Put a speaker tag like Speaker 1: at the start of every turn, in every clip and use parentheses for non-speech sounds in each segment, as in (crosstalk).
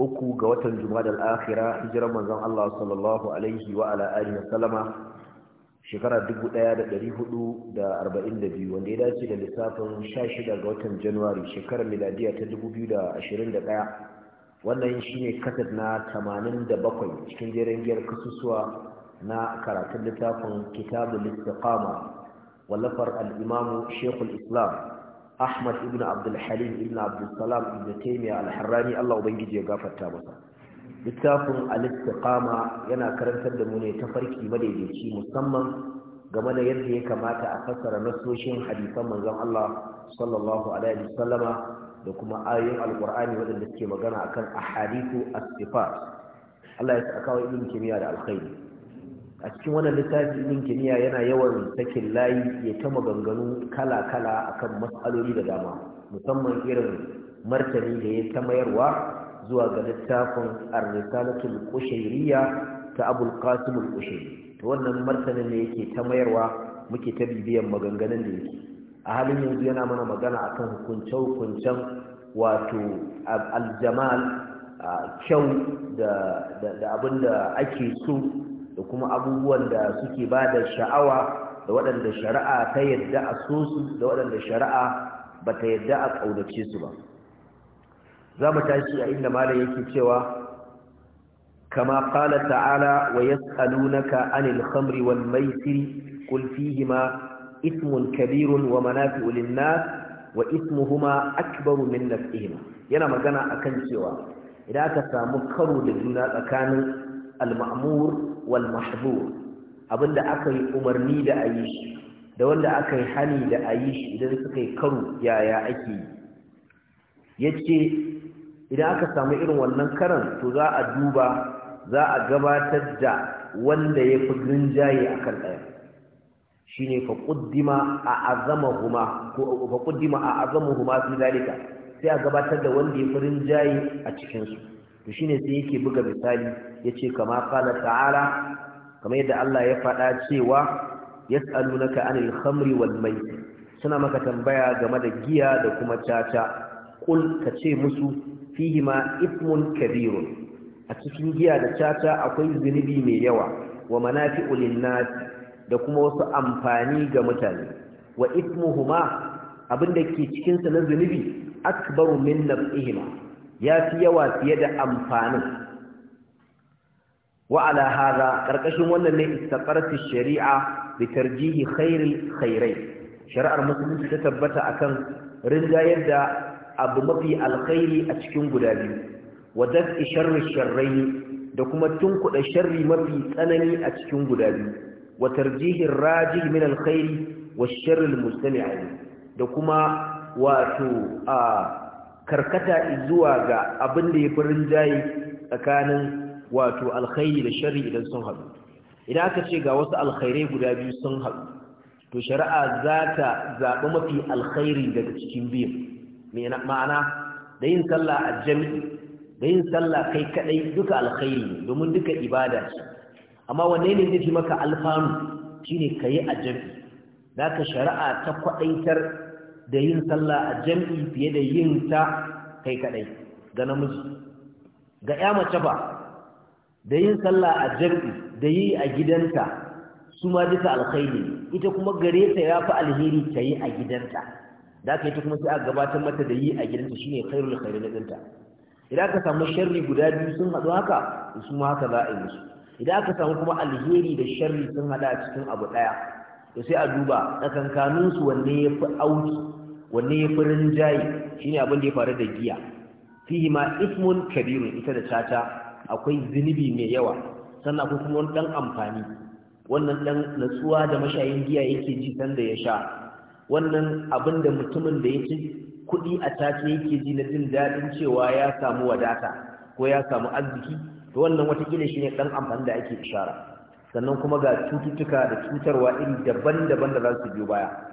Speaker 1: uku ga watan jumadal akhira hijiran manzon Allah sallallahu alaihi wa ala alihi wa sallama shekara 1442 wanda ya dace da lissafin 16 ga watan Januwari shekarar miladiya ta 2021 wannan shi ne kasad na 87 cikin jerin giyar kasusuwa na karatun littafin kitabul istiqama wallafar al-imamu shekul islam Ahmad ibn Abdul Halim ibn Abdul Salam ibn Taymiya al-Harrani Allah ubangiji ya gafarta masa littafin al-istiqama yana karantar da mu ne tafarki madaidaici musamman game da yadda ya kamata a fassara nasoshin hadisan manzon Allah sallallahu alaihi wasallama da kuma ayoyin alqur'ani waɗanda suke magana akan ahadithu as-sifat Allah ya saka wa ibn Taymiyyah da alkhairi a cikin wannan littafi ibn kimiyya yana yawan sakin layi ya ta maganganu kala-kala akan matsaloli da dama musamman irin martani da ya ta mayarwa zuwa ga littafin ar-risalatul ta abul qasim al to wannan martanin ne yake ta mayarwa muke ta bibiyan maganganun da yake a halin yanzu yana mana magana akan hukunce-hukuncen wato aljamal, kyau da abin da ake so da kuma abubuwan da suke ba da sha'awa da waɗanda shari'a ta yadda a so su da waɗanda shari'a ba ta yadda a ƙaunace su ba za mu tashi a inda malam yake cewa kama كما قال تعالى ويسألونك عن الخمر والميسر قل فيهما إثم كبير ومنافع wa وإثمهما أكبر من نفعهما yana magana akan cewa idan aka samu karo da juna tsakanin al-ma'mur wal mahbub abinda aka yi umarni da ayi shi da wanda aka yi hani da ayi shi idan suka yi karo yaya ake yi Ya ce, idan aka samu irin wannan karan to za a duba za a gabatar da wanda ya fi rinjaye akan ɗaya shine fa quddima a ko fa quddima a fi sai a gabatar da wanda ya fi rinjaye a cikin su to shine sai yake buga misali yace kama qala ta'ala kama yadda Allah ya faɗa cewa yas'alunaka anil khamri wal maisir suna maka tambaya game da giya da kuma caca kul kace musu fihi ma ithmun kabirun a cikin giya da caca akwai zunubi mai yawa wa manafi'u linnas da kuma wasu amfani ga mutane wa ithmuhuma abinda ke cikin sa na zunubi akbaru min naf'ihima ya fi yawa fiye da amfanin وعلى هذا ƙarƙashin wannan ne istaqarat sharia da tarjihi khair khairai shari'ar musulunci ta tabbata akan ringayar da abu mafi alkhairi a cikin guda biyu wa daf'i sharri sharraini da kuma tunkuda sharri mafi tsanani a cikin guda biyu wa tarjihi rajin min alkhairi khairi wash-sharri al da kuma wato a karkata zuwa ga abin da ya fi jayi tsakanin wato alkhairi da shari idan sun haɗu idan aka ce ga wasu alkhairai guda biyu sun haɗu to shari'a za ta zaɓi mafi alkhairi daga cikin biyu ma'ana da yin sallah a jami'i da yin sallah kai kaɗai duka alkhairi ne domin duka ibada ce amma wanne ne zai fi maka alfanu shine ka yi a jami'i za ka shari'a ta kwaɗaitar da yin sallah a jam'i fiye da yin ta kai kadai ga namiji ga ya mace ba da yin sallah a jam'i da yi a gidanta su ma duka alkhairi ita kuma gare ta ya fi alheri ta yi a gidanta da aka yi ta kuma sai a gabatar mata da yi a gidanta shine khairul khairi na dinta idan aka samu sharri guda biyu sun haɗu haka su ma haka za a yi musu idan aka samu kuma alheri da sharri sun haɗa cikin abu ɗaya to sai a duba tsakankaninsu wanne ya fi auki wanne furin jayi shine abin da ya faru da giya fihi ma ismun kabirun ita da tata akwai zunubi mai yawa sannan akwai kuma wani dan amfani wannan dan natsuwa da mashayin giya yake ji sanda ya sha wannan abin da mutumin da ya ci kuɗi a tace yake ji na jin daɗin cewa ya samu wadata ko ya samu arziki to wannan watakila shi ne ɗan amfani da ake ishara sannan kuma ga cututtuka da cutarwa iri daban-daban da za su biyo baya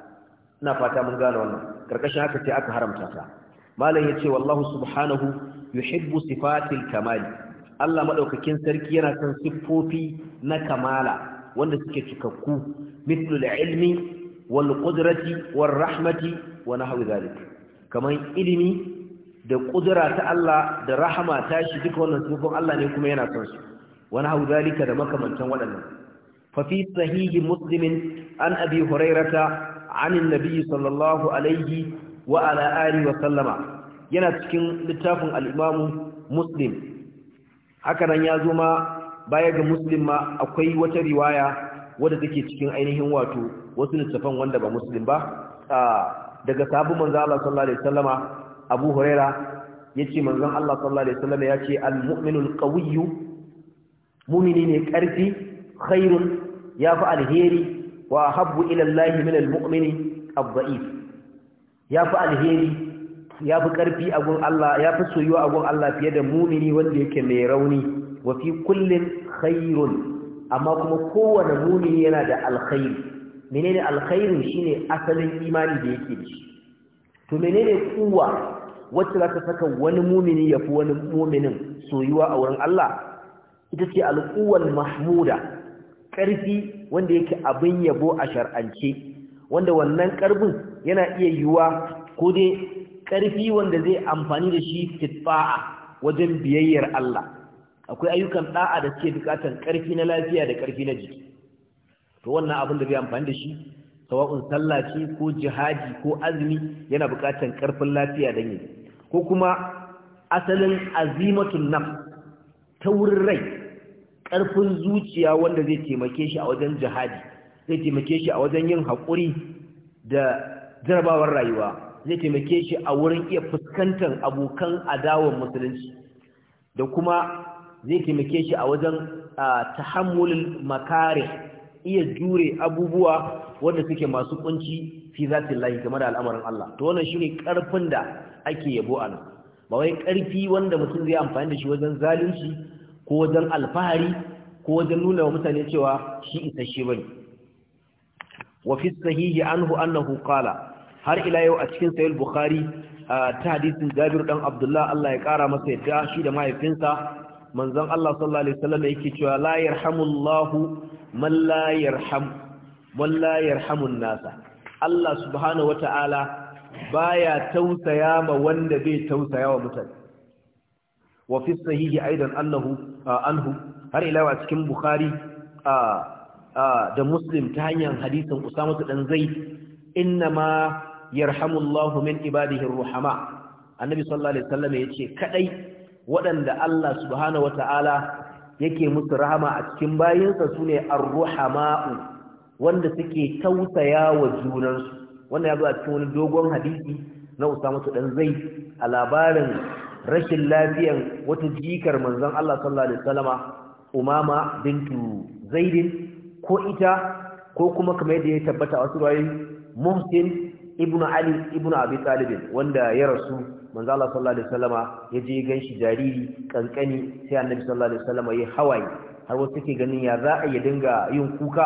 Speaker 1: ina fata mun gane wannan karkashin haka ce aka haramta ta malam ya ce wallahu subhanahu yuhibbu sifatil kamal Allah madaukakin sarki yana son siffofi na kamala wanda suke cikakku mithlul ilmi wal qudrati war rahmati wa nahwi zalik Kamar ilimi da kudura ta Allah da rahama ta shi duka wannan sifofin Allah ne kuma yana son su wani hau zalika da makamantan waɗannan fa fi sahihi muslimin an abi hurairata anin nabi sallallahu alaihi wa ala alihi wa sallama yana cikin littafin al-imamu muslim haka nan ya zo ma baya ga muslim ma akwai wata riwaya wadda take cikin ainihin wato wasu littafan wanda ba muslim ba daga sabu manzo Allah sallallahu alaihi wasallama Abu Huraira yace manzon Allah sallallahu alaihi wasallama yace al-mu'minu al-qawiyyu mu'mini ne karfi khairun yafi alheri wa habbu ila Allah min al-mu'mini ad-da'if yafi alheri yafi karfi a gun Allah yafi soyuwa a gun Allah fiye da mu'mini wanda yake mai rauni wa fi kullin khairun amma kuma kowane mu'mini yana da alkhairi menene alkhairin shine asalin imani da yake da shi to menene kuwa wacce za ta saka wani mumini ya fi wani muminin soyuwa a wurin Allah ita ce al'uwar mahmuda ƙarfi wanda yake abin yabo a shar'ance wanda wannan ƙarfin yana iya yiwuwa ko dai ƙarfi wanda zai amfani da shi fitfa'a wajen biyayyar Allah akwai ayyukan da'a da suke bukatan ƙarfi na lafiya da ƙarfi na jiki to wannan abin da zai amfani da shi sawa'un sallah ce ko jihadi ko azumi yana bukatan ƙarfin lafiya da yi ko kuma asalin azimatun nafs ta wurin rai ƙarfin zuciya wanda zai taimake shi a wajen jihadi zai taimake shi a wajen yin haƙuri da jarabawar rayuwa zai taimake shi a wurin iya fuskantar abokan adawar musulunci da kuma zai taimake shi a wajen tahammulul makare iya jure abubuwa wanda suke masu kunci fi zatin lahi game da al'amarin Allah to wannan ne ƙarfin da ake yabo a nan ba wai ƙarfi wanda mutum zai amfani da shi wajen zalunci ko wajen alfahari ko wajen nuna wa mutane cewa shi isasshe bane wa fi sahihi anhu annahu qala har ila yau a cikin sahih bukhari ta hadisin Jabir dan Abdullah Allah ya kara masa yadda shi da mahaifinsa manzon Allah sallallahu alaihi wasallam yake cewa la yarhamullahu man la yarham man la yarhamun nasa Allah subhanahu wataala baya tausaya ma wanda bai tausaya wa mutane wa fi sahihi aidan annahu anhu har ila a cikin bukhari da muslim ta hanyar hadisin usama dan zaid inna ma yarhamullahu min ibadihi ruhama annabi sallallahu alaihi wasallam yace kadai waɗanda Allah subhanahu wataala yake musu rahama a cikin bayinsa sune ar-ruhama'u wanda suke tausaya wa junansu wannan ya zo a cikin wani dogon hadisi na usama dan zaid a labarin rashin lafiyan wata jikar manzon Allah sallallahu alaihi wasallama Umama bintu Zaidin ko ita ko kuma kamar yadda ya tabbata wasu rayi Muhsin ibn Ali ibn Abi Talib wanda ya rasu manzo Allah sallallahu alaihi wasallama ya je ganshi jariri kankani sai Annabi sallallahu alaihi wasallama ya hawaye har wasu ke ganin ya za a ya dinga yin kuka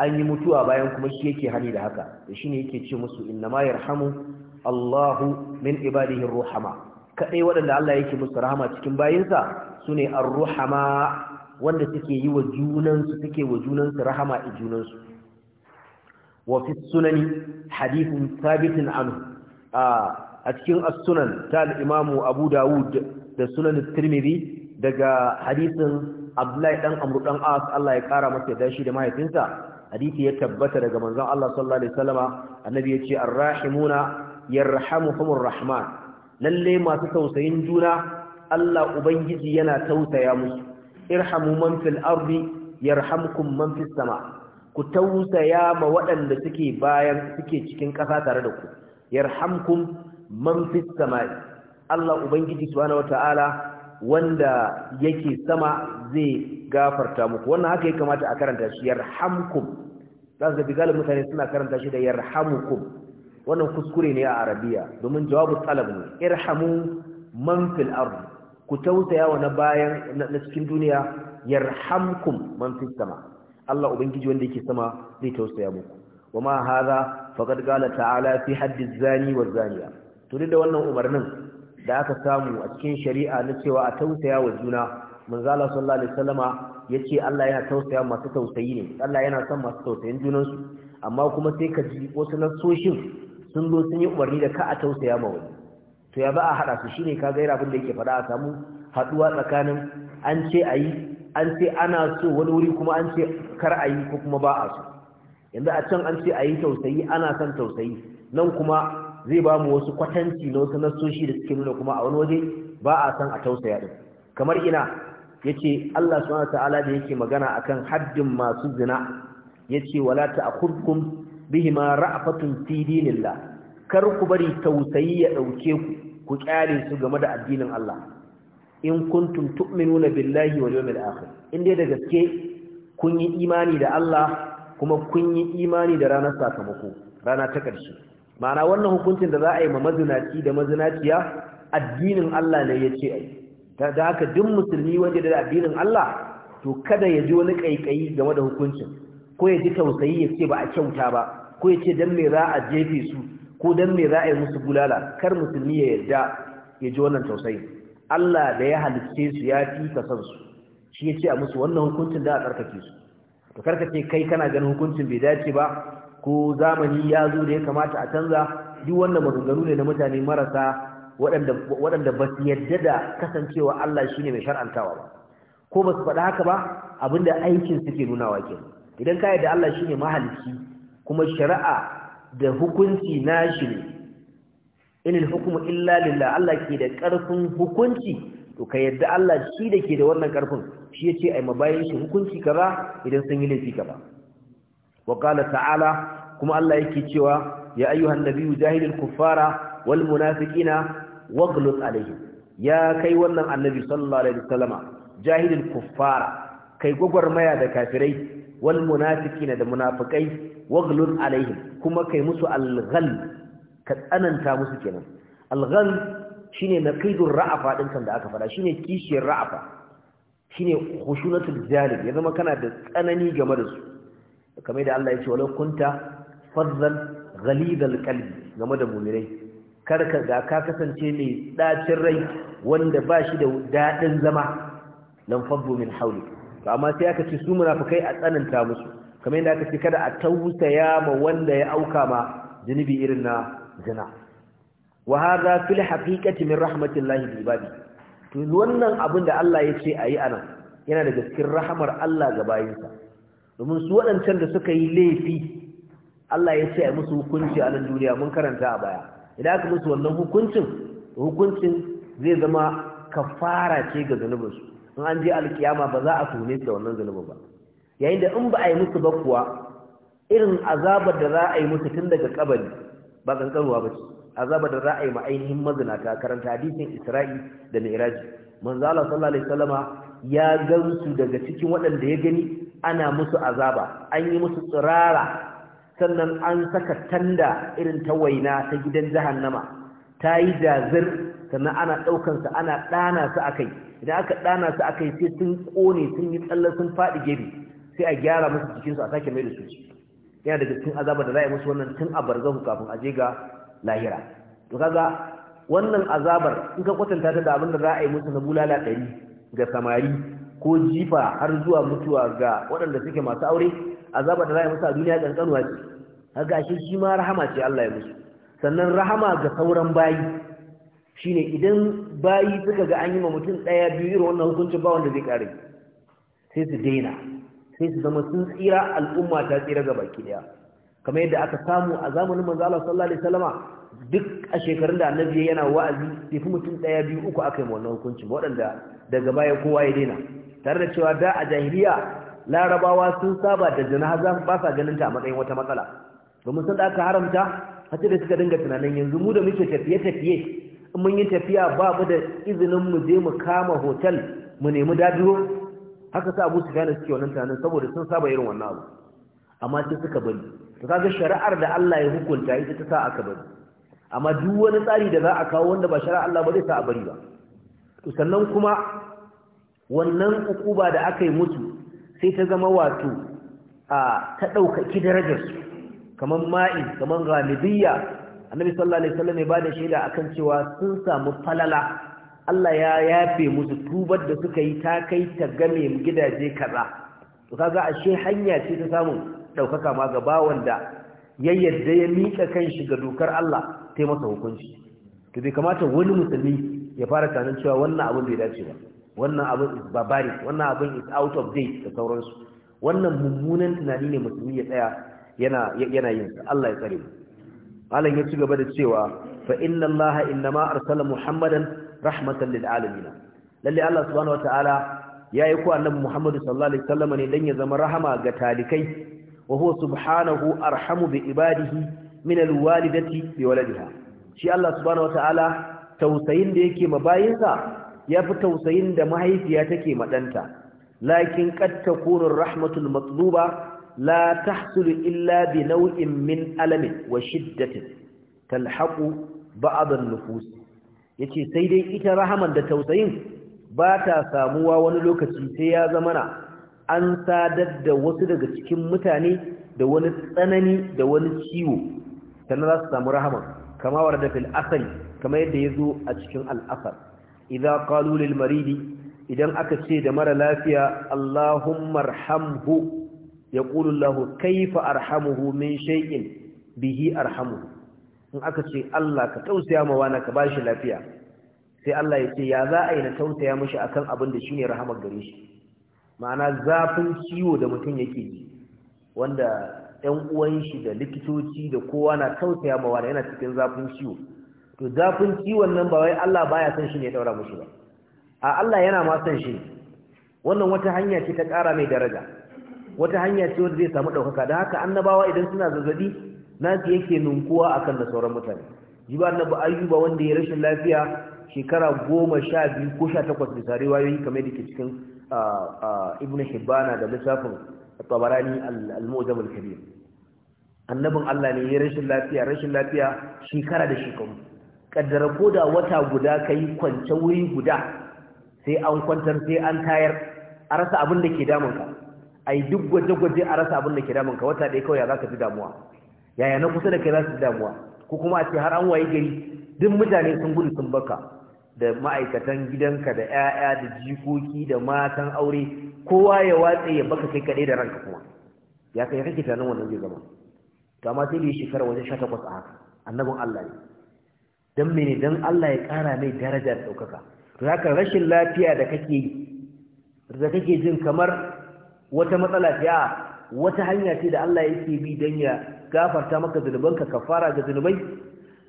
Speaker 1: an yi mutuwa bayan kuma shi yake hani da haka da shine yake ce musu inna ma yarhamu Allahu min ibadihi ruhama kaɗai waɗanda Allah yake musu rahama cikin bayinsa su ne arruhama wanda suke yi wa junansu suke wa junansu rahama a junansu wa fi sunani hadithin sabitin a cikin as-sunan ta al-imamu Abu Dawud da sunan Tirmidhi daga hadisin Abdullahi dan Amr dan As Allah ya kara masa da shi da mahaifinsa hadithi ya tabbata daga manzon Allah sallallahu alaihi wasallama annabi yace ar-rahimuna yarhamuhumur rahman lalle masu tausayin juna Allah ubangiji yana tausaya musu irhamu man fil ardi yarhamkum man fis sama ku tausaya ma waɗanda suke bayan suke cikin ƙasa tare da ku yarhamkum man fis sama'i Allah ubangiji subhanahu wataala wanda yake sama zai gafarta muku wannan haka ya kamata a karanta shi yarhamkum za su ga galibin mutane suna karanta shi da yarhamukum wannan kuskure ne a arabiya domin jawabu talab ne irhamu man fil ku tausaya wa na bayan na cikin duniya yarhamkum man fis sama Allah ubangiji wanda yake sama zai tausaya muku wama hadha faqad qala ta'ala fi haddi zani zaniya to da wannan umarnin da aka samu a cikin shari'a na cewa a tausaya wa juna manzo Allah sallallahu alaihi wasallama yace Allah yana tausaya masu tausayi ne Allah yana son masu tausayin junansu amma kuma sai ka ji wasu nasoshin sun zo sun yi umarni da ka a tausaya ma wani to ya ba a haɗa su shine ka gaira abin da yake faɗa a samu haɗuwa tsakanin an ce a yi an ce ana so wani wuri kuma an ce kar a yi ko kuma ba a so yanzu a can an ce a yi tausayi ana son tausayi nan kuma zai ba mu wasu kwatanci na wasu nasoshi da suke nuna kuma a wani waje ba a son a tausaya din kamar ina yace Allah subhanahu wataala da yake magana akan haddin masu zina yace wala ta'khudkum bihima ra'fatun fi dinillah kar ku bari tausayi ya dauke ku ku kyale su game da addinin Allah in kuntum tu'minuna billahi wal yawmil akhir in dai da gaske kun yi imani da Allah kuma kun yi imani da ranar sakamako rana ta karshe ma'ana wannan hukuncin da za a yi ma mazinaci da mazinaciya addinin Allah ne yace ce ai da haka duk musulmi wanda da addinin Allah to kada ya ji wani kaikayi game da hukuncin ko ya ji tausayi ya ce ba a kyauta ba ko ya ce dan me za a jefe su ko dan me za a yi musu bulala kar musulmi ya yarda ya ji wannan tausayi Allah da ya halicce su ya fi ka san su shi ya ce a musu wannan hukuncin da a tsarkake su to karkace kai kana ganin hukuncin bai dace ba ko zamani ya zo da ya kamata a canza duk wannan maganganu ne na mutane marasa waɗanda ba su yadda da kasancewa Allah shine ne mai shar'antawa ba ko ba su faɗa haka ba abinda aikin suke nunawa kenan idan ka yadda Allah shine mahalicci kuma shari'a da hukunci nashi ne inil hukmu illa lillah Allah ke da karfin hukunci to ka yadda Allah shi da ke da wannan karfin shi yace ai mabayin shi hukunci kaza idan sun yi laifi kaza wa qala ta'ala kuma Allah yake cewa ya ayyuhan nabiyyu jahilil kuffara wal munafiqina waghluz alaihim ya kai wannan annabi sallallahu alaihi wasallama jahilil kuffara kai gwagwarmaya da kafirai wal munafiqina da munafikai waghlul alaihim kuma kai musu alghal ka tsananta musu kenan alghal shine naqidur ra'afa din kan da aka fada shine kishiyar ra'afa shine khushunatul jalib ya zama kana da tsanani game da su kamar da Allah ya ce walau kunta fadlan ghalidal qalbi game da mu'minai karka ga ka kasance mai ɗacin rai wanda ba shi da daɗin zama lan faddu min to amma sai aka ce su munafikai a tsananta musu kamar yadda aka ce kada a tausaya ma wanda ya auka ma zunubi irin na zina wa hadha fil haqiqati min rahmatillahi bi ibadi to wannan abin da Allah ya ce ayi anan yana da cikin rahmar Allah ga bayinsa domin su waɗancan da suka yi laifi Allah ya ce a musu hukunci a nan duniya mun karanta a baya idan aka musu wannan hukuncin hukuncin zai zama kafara ce ga zunubinsu in an je alkiyama ba za a tuhume su da wannan zunubin ba yayin da in ba a yi musu ba kuwa irin azabar da za a yi musu tun daga kabari ba kankanuwa ba ce azabar da za a yi ma ainihin mazinata karanta hadisin isra'i da mi'raji manzo Allah sallallahu alaihi wasallama ya gamsu daga cikin waɗanda ya gani ana musu azaba an yi musu tsirara sannan an saka tanda irin ta waina ta gidan jahannama ta yi dazir. sannan ana ɗaukansa ana ɗana su a idan aka ɗana su a sai sun ƙone sun yi tsallar sun faɗi gefe sai a gyara musu jikinsu a sake mai da su yana daga cikin azaba da za a yi musu wannan tun a barzahu kafin a je ga lahira to kaga wannan azabar in ka kwatanta ta da abin da za a yi musu na bulala ɗari ga samari ko jifa har zuwa mutuwa ga waɗanda suke masu aure azabar da za a yi musu a duniya ƙanƙanuwa ce kaga shi shi ma rahama ce Allah ya musu sannan rahama ga sauran bayi shine idan bayi suka ga an yi ma mutum ɗaya biyu irin wannan hukuncin ba wanda zai ƙare sai su daina sai su zama sun tsira al'umma ta tsira ga baki ɗaya kamar yadda aka samu a zamanin manzo Allah sallallahu alaihi duk a shekarun da annabi yana wa'azi sai fi mutum ɗaya biyu uku aka yi wannan hukuncin waɗanda daga baya kowa ya daina tare da cewa da a jahiliya larabawa sun saba da za ba sa ganin ta a matsayin wata matsala domin sun da aka haramta hace da suka dinga tunanin yanzu mu da muke tafiye-tafiye mun yi tafiya babu da izinin mu je mu kama hotel mu nemi dadiro haka sa abu sufyan suke wannan tunanin saboda sun saba irin wannan abu amma sai suka bari to kaga shari'ar da Allah ya hukunta ita ta sa aka bari amma duk wani tsari da za a kawo wanda ba shari'ar Allah ba zai sa a bari ba to sannan kuma wannan ukuba da aka yi mutu, sai ta zama wato a ta ɗaukaki darajarsu kamar ma'i kamar ghalibiyya annabi sallallahu alaihi wasallam ya bada shaida akan cewa sun samu falala Allah ya yafe musu tubar da suka yi ta kai ta game gidaje kaza to kaga ashe hanya ce ta samu daukaka ma ga bawon da ya yadda ya mika kanshi ga dokar Allah ta masa hukunci to bai kamata wani musulmi ya fara tunanin cewa wannan abin bai dace ba wannan abin is barbaric wannan abin is out of date da sauransu wannan mummunan tunani ne musulmi ya tsaya yana yana yin Allah ya tsare mu malam ya ci gaba da cewa fa inna allaha innama arsala muhammadan rahmatan lil alamin lalle allah subhanahu wataala yayi ku annabi muhammadu sallallahu alaihi wasallam ne dan ya zama rahama ga talikai wa huwa subhanahu arhamu bi ibadihi min al walidati bi waladiha shi allah subhanahu wataala tausayin da yake mabayinsa yafi tausayin da mahaifiya take madanta lakin qad takunu rahmatul matluba la tahsulu illa bi nau'in min alamin wa shiddatin talhaqu ba'd an-nufus yace sai dai ita rahaman da tausayin ba ta samuwa wani lokaci sai ya zamana an sadar da wasu daga cikin mutane da wani tsanani da wani ciwo sannan za su samu rahama kama da fil asali kama yadda ya zo a cikin al'asar idan qalu lil maridi idan aka ce da mara lafiya Allahumma arhamhu yaqulu Allahu kaifa arhamuhu min shaikin bihi arhamuhu in aka ce Allah ka tausaya ma wani ka shi lafiya sai Allah ya ce ya za a yi na tausaya a akan abin da shine rahamar gare shi ma'ana zafin ciwo da mutum yake ji wanda ɗan uwan shi da likitoci da kowa na tausaya ma wani yana cikin zafin ciwo to zafin ciwon nan ba wai Allah baya son shi ne ya mashi ba a Allah yana ma son shi wannan wata hanya ce ta ƙara mai daraja wata hanya ce wanda zai samu ɗaukaka da haka annabawa idan suna zazzabi nasu yake nunkuwa akan da sauran mutane ji ba annabi ayyuba wanda ya rashin lafiya shekara goma sha biyu ko sha takwas da bisa wayoyi kamar da ke cikin ibn hibbana da lissafin tabarani al-mu'jam al-kabir annabin Allah ne ya rashin lafiya rashin lafiya shekara da shekaru kaddara ko da wata guda kai kwance wuri guda sai an kwantar sai an tayar a rasa abin da ke ka. a yi duk gwaje-gwaje a rasa abin da ke damunka wata ɗaya kawai ya za ka fi damuwa yaya na kusa da kai za su damuwa ko kuma a ce har an waye gari duk mutane sun gudu sun baka da ma'aikatan gidanka da 'ya'ya da jikoki da matan aure kowa ya watse ya baka kai kaɗai da ranka kuma ya kai kake tunanin wannan zai zama to amma sai da shekara wajen sha takwas a haka annabin Allah ne dan mene dan Allah ya ƙara mai daraja da ɗaukaka to haka rashin lafiya da kake da kake jin kamar wata matsala ce wata hanya ce da Allah yake bi dan ya gafarta maka zunubanka fara ga zunubai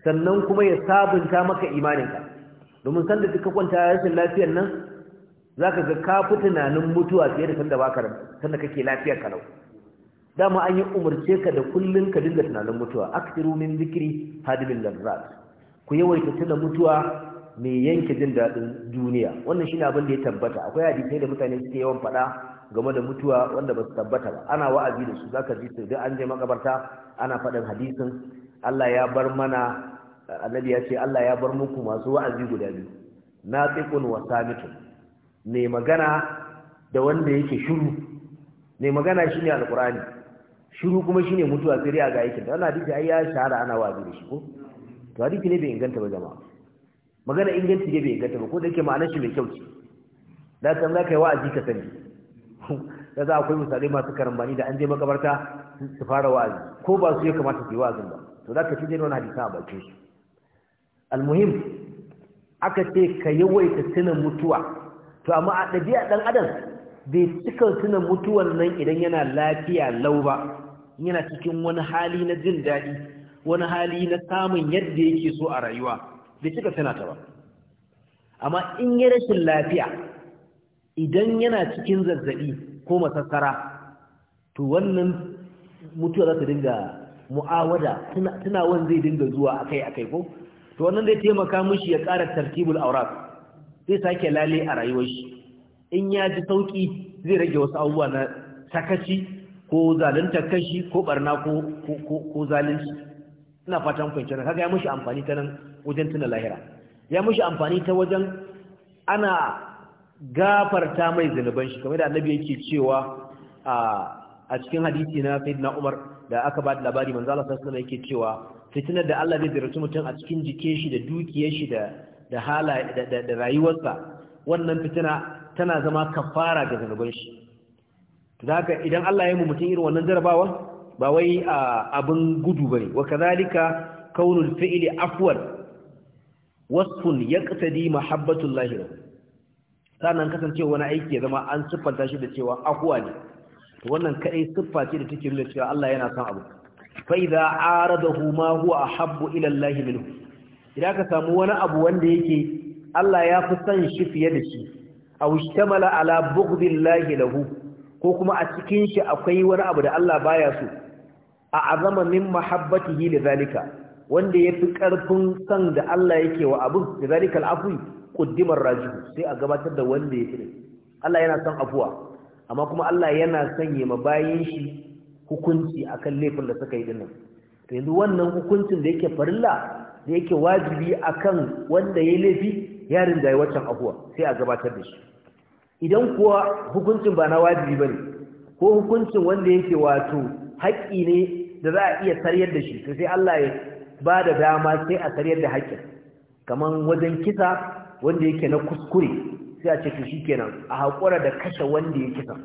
Speaker 1: sannan kuma ya sabunta maka imaninka domin san da duka kwanta rashin lafiyar nan zaka ga ka fi tunanin mutuwa fiye da da baka ran sanda kake lafiyar kalau dama an yi umarce ka da kullun ka dinga tunanin mutuwa aktiru min zikri hadimil lazzat ku yawaita tuna mutuwa mai yanke jin daɗin duniya wannan shine abin da ya tabbata akwai hadisai da mutane suke yawan faɗa game da mutuwa wanda ba su tabbata ba ana wa'azi da su zaka ji sai an je makabarta ana faɗin hadisin Allah ya bar mana annabi ya ce Allah ya bar muku masu wa'azi guda biyu natiqun wa samitun ne magana da wanda yake shiru ne magana shine alqur'ani shiru kuma shine mutuwa sai dai ga yake da wannan hadisi ai ya shahara ana wa'azi da shi ko to hadisi ne bai inganta ba jama'a magana inganci ne bai inganta ba ko da yake ma'anar shi mai kyau ce da san za yi wa'azi ka sani da za akwai misalai masu karambani da an je makabarta su fara wa'azi ko ba su ya kamata su yi wa'azin ba to za ka ci jini wani a bakin su almuhim aka ce ka yawaita tunan mutuwa to amma a ɗabi'a ɗan adam bai cika tunan mutuwan nan idan yana lafiya lau ba yana cikin wani hali na jin daɗi wani hali na samun yadda yake so a rayuwa bai cika tana ba amma in yi rashin lafiya idan yana cikin zazzabi ko masassara to wannan mutuwa za ta dinga mu'awada tunawan zai dinga zuwa akai-akai ko to wannan zai taimaka mishi ya ƙara tartibul aurat zai sake lale a rayuwar shi in ya ji sauki zai rage wasu abubuwa na sakaci ko zalunta kashi ko barna ko ko zalunci ina fatan kwanciyar kaga ya mishi amfani ta nan wajen tuna lahira ya mishi amfani ta wajen ana gafarta mai zunuban shi kamar da annabi yake cewa a cikin hadisi na na Umar da aka ba da labari manzo Allah sallallahu alaihi yake cewa fitinar da Allah zai zira mutum a cikin jikin shi da dukiyar shi da da hala da rayuwarsa wannan fitina tana zama kafara ga zunuban shi to haka idan Allah ya mu mutum irin wannan jarabawa ba wai abin gudu bane wa kadalika kaunul fi'li afwan wasfun yaqtadi mahabbatullahi lahu sannan kasancewa wani aiki ya zama an siffanta shi da cewa akuwa ne to wannan kadai siffa ce da take nuna cewa Allah yana son abu fa idza aradahu ma huwa ahabbu ila Allah minhu idan ka samu wani abu wanda yake Allah ya fi son shi fiye da shi aw ishtamala ala bughdillahi lahu ko kuma a cikin shi akwai wani abu da Allah baya so a azama min mahabbatihi lidhalika wanda yafi karfin son da Allah yake wa abin lidhalika al-afwi kuddimar Raji'u, sai a gabatar da wanda ya fi Allah yana son afuwa amma kuma Allah yana sanye ma bayan shi hukunci akan laifin da suka yi dinnan to yanzu wannan hukuncin da yake farilla da yake wajibi akan wanda ya laifi yarin da ya waccan afuwa sai a gabatar da shi idan kuwa hukuncin ba na wajibi bane ko hukuncin wanda yake wato haƙƙi ne da za a iya sariyar da shi to sai Allah ya ba da dama sai a sariyar da haƙƙin kaman wajen kisa wanda yake na kuskure sai a ce to shikenan a hakura da kashe wanda yake san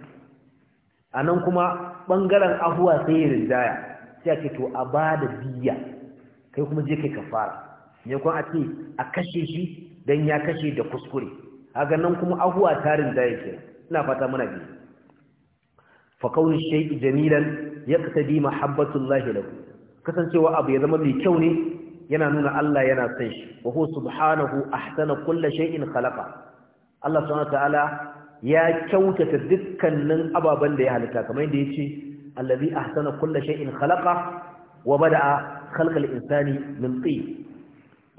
Speaker 1: anan kuma bangaren ahuwa sai ya rinjaya sai a ce to a bada biya kai kuma je kai kafara ne kuma a ce a kashe shi dan ya kashe da kuskure haka nan kuma ahuwa ta rinjaya ke ina fata muna bi fa kaunu shay'i jamilan yaqtadi mahabbatullahi lahu kasancewa abu ya zama mai kyau ne yana nuna Allah yana san shi wa huwa subhanahu ahsana kulli shay'in khalaqa Allah subhanahu ta'ala ya kyautata dukkanin ababen da ya halitta kamar yadda yace allazi ahsana kulli shay'in khalaqa wa bada'a khalqal insani min tin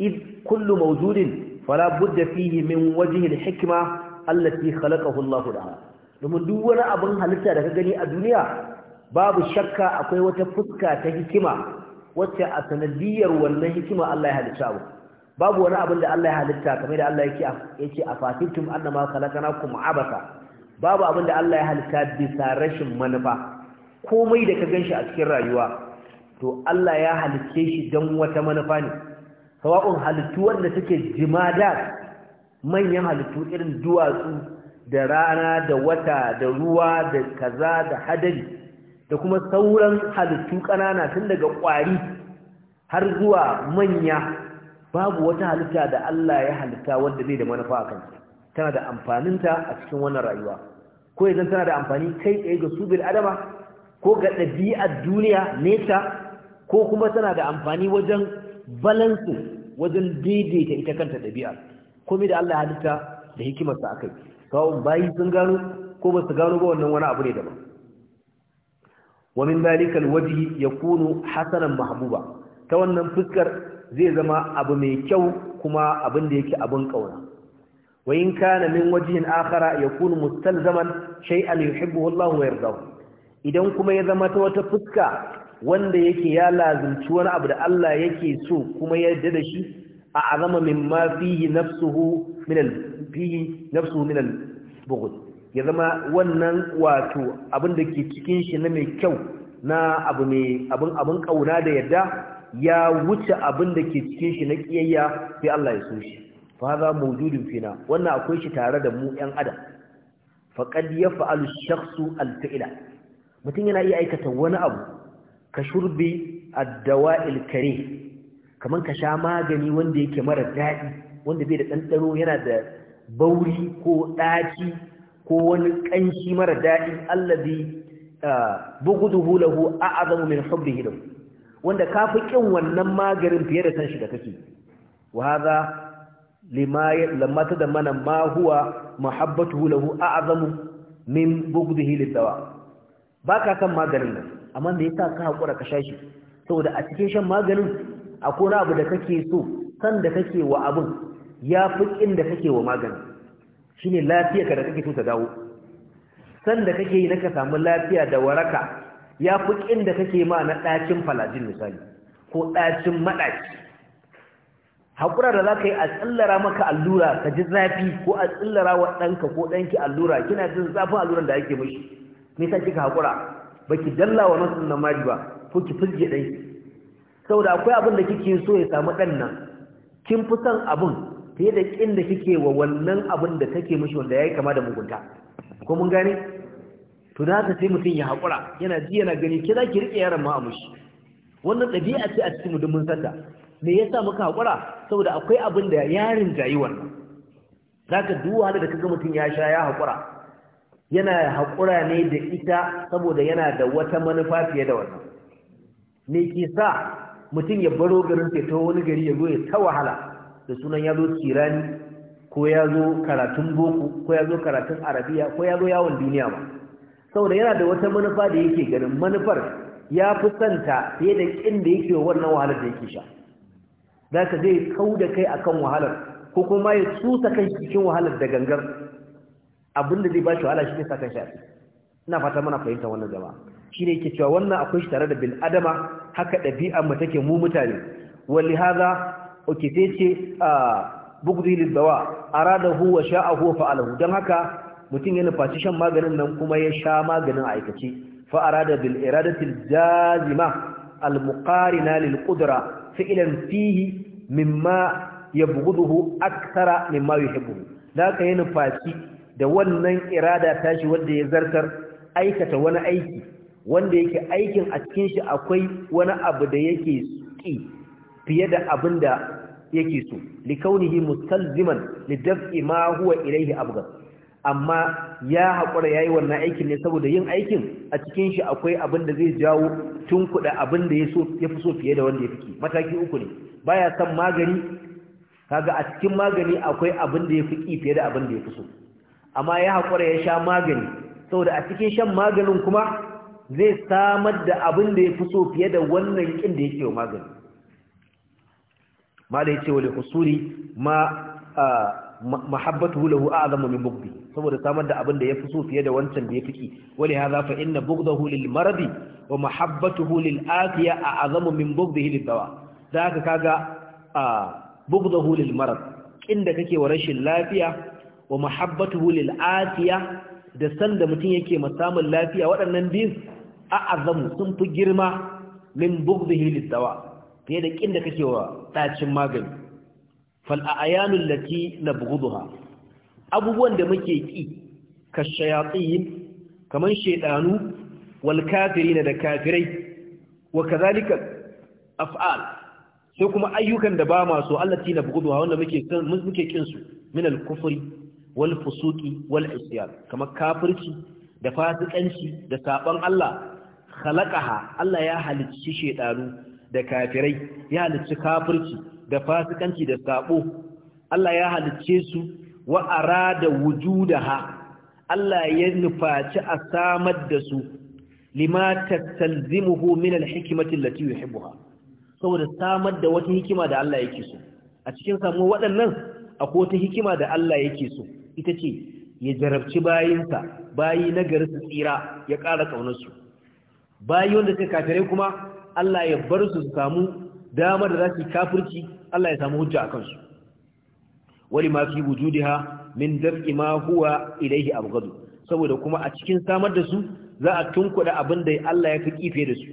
Speaker 1: id kullu mawjudin fala budda fihi min wajhi al allati khalaqahu Allah ta'ala domin duk wani abin halitta da ka gani a duniya babu shakka akwai wata fuska ta hikima wacce a sanadiyar wannan hikima Allah ya halitta abu babu wani abin da Allah ya halitta kamar da Allah yake yake a fatitum annama khalaqnakum abasa babu abin da Allah ya halitta bisa rashin manufa komai da ka ganshi a cikin rayuwa to Allah ya halitte shi don wata manufa ne sawa'un halittu wanda suke jimada manyan halittu irin duwatsu da rana da wata da ruwa da kaza da hadari da kuma sauran halittu ƙanana tun daga ƙwari har zuwa manya babu wata halitta da Allah ya halitta wanda zai da manufa a kansa tana da amfaninta a cikin wannan rayuwa ko idan tana da amfani kai tsaye ga su adama ko ga ɗabi'ar duniya nesa ko kuma tana da amfani wajen balansu wajen daidaita ita kanta Ko komai da Allah halitta da hikimarsa akai kawon bayi sun gano ko ba su gano ba wannan wani abu ne daban wa min dalika alwajhi yakunu Hassanan mahbuba ta wannan fuskar zai zama abu mai kyau kuma abin da yake abin kauna wa in kana min wajhin akhara yakunu mustalzaman shay'an yuhibbuhu Allah wa yardahu idan kuma ya zama ta wata fuska wanda yake ya lazimci wani abu da Allah yake so kuma ya yarda da shi a azama mimma fihi nafsuhu min al fihi nafsuhu min al bughd ya zama wannan wato abin da ke cikin shi na mai kyau na abu mai abin kauna da yadda ya wuce abin da ke cikin shi na kiyayya sai Allah ya so shi fa mu mawjudun fina wannan akwai shi tare da mu ƴan adam faqad yaf'alu ash-shakhsu al-fi'la mutum yana iya aikata wani abu ka shurbi ad-dawa'il kaman ka sha magani wanda yake mara daɗi wanda bai da ɗanɗano yana da bauri ko ɗaci ko wani ƙanshi mara daɗi allazi ah, buguduhu lahu a'zamu min hubbihi lahu wanda kafi kin wannan magarin fiye da san shi da kake wa hadha lima lamma tadamana ma huwa mahabbatuhu lahu a'zamu min bughdihi lidawa baka san maganin nan amma me yasa ka hakura ka shashi saboda a cikin shan maganin akwai abu da kake so san da kake wa abun yafi kin da kake wa maganin shine lafiya ka da kake so ta dawo Sanda kake yi na ka samu lafiya da waraka ya fi ƙin da kake ma na ɗacin falajin misali ko ɗacin maɗaci haƙura da za ka yi a tsallara maka allura ka ji zafi ko a tsallara wa ɗanka ko ɗanki allura kina jin zafin alluran da ake mashi sa kika haƙura ba ki jalla wa masu nan Maji ba ko ki fulge ɗanki saboda akwai abin da kike so ya samu ɗan nan kin fi son abin fiye da kin da kike wa wannan abin da take mishi wanda yayi kama da mugunta ko mun gane to da ta sai mutum ya haƙura yana ji yana gani ke za ki riƙe yaron ma a mushi wannan ɗabi'a ce a cikin mu mun santa me yasa muka haƙura saboda akwai abin da yarin jayi wannan zaka duk wahala da kaga mutum ya sha ya haƙura yana haƙura ne da ita saboda yana da wata manufa fiye da wannan me ke sa mutum ya baro garin sai ta wani gari ya zo ya ta wahala da sunan ya zo kirani ko ya zo karatun boko ko ya zo karatun arabiya ko ya zo yawon duniya ba saboda yana da wata manufa da yake ganin manufar ya fi santa fiye da ƙin da yake wannan wahalar da yake sha za ka zai kau da kai akan wahalar ko kuma ya tsusa kai cikin wahalar da gangar abin da zai ba shi wahala shi ne sa kan shafi ina fata mana fahimta wannan zama. shi ne ke cewa wannan akwai shi tare da bil adama haka ɗabi'a mu take mu mutane wali haza oke a ce ah, bugdi lidawa aradahu wa sha'ahu fa'alahu dan haka mutum ya nufaci shan maganin nan kuma ya sha maganin aikace fa arada bil iradatil jazima al muqarina lil qudra fi'lan fihi mimma yabghuduhu akthara mimma yuhibbu daka ya nufaci da wannan irada tashi wanda ya zartar aikata wani aiki wanda yake aikin a cikin shi akwai wani abu da yake ki fiye da abin da yake so likaunihi mustalziman lidaf'i ma huwa ilaihi abghad amma ya haƙura yayi wannan aikin ne saboda yin aikin a cikin shi akwai abin da zai jawo tunkuɗa abin da yaso yafi so fiye da wanda ya mataki uku ne baya son magani kaga a cikin magani akwai abin da yafi ki fiye da abin da yafi so amma ya haƙura ya sha magani saboda a cikin shan maganin kuma zai samar da abin da yafi so fiye da wannan kin da yake magani mala ce wal husuli ma mahabbatuhu lahu a'zamu min bughdi saboda samar da abin da yafi so fiye da wancan da yafi ki wali hadha fa inna bughdahu lil maradi wa mahabbatuhu lil afiya a'zamu min bughdihi lid dawa da haka kaga bughdahu lil marad inda kake wa rashin lafiya wa mahabbatuhu lil afiya da san da mutum yake samun lafiya waɗannan biyu a'zamu sun fi girma min bughdihi lid dawa fiye da ƙin da kake wa ɗacin magani fal na lati nabghuduha abubuwan da muke ki kashayatin kaman shedanu wal na da kafirai wa kadhalika af'al sai kuma ayyukan da ba ma so na nabghuduha wanda muke muke su min alkufuri, wal fusuki, wal isyan kamar kafirci da fasikanci da saban Allah khalaqaha Allah ya halicci shaiɗanu. da kafirai ya halicci kafirci da fasikanci da sabo Allah ya halicce su wa arada wujudaha Allah ya nufaci a samar da su lima talzimuhu min alhikmati allati yuhibbuha saboda samar da wata hikima da Allah yake so a cikin samu waɗannan akwai wata hikima da Allah yake so ita ce ya jarabci bayinsa bayi na tsira ya ƙara ƙaunarsu bayi wanda suka kafirai kuma Allah ya bar su su samu damar da za su kafirci Allah ya samu hujja a kansu wani ma fi wujudiha min daf'i ma huwa ilaihi abghadu saboda kuma a cikin samar da su za a tunkuɗa abin da Allah ya fi kife da su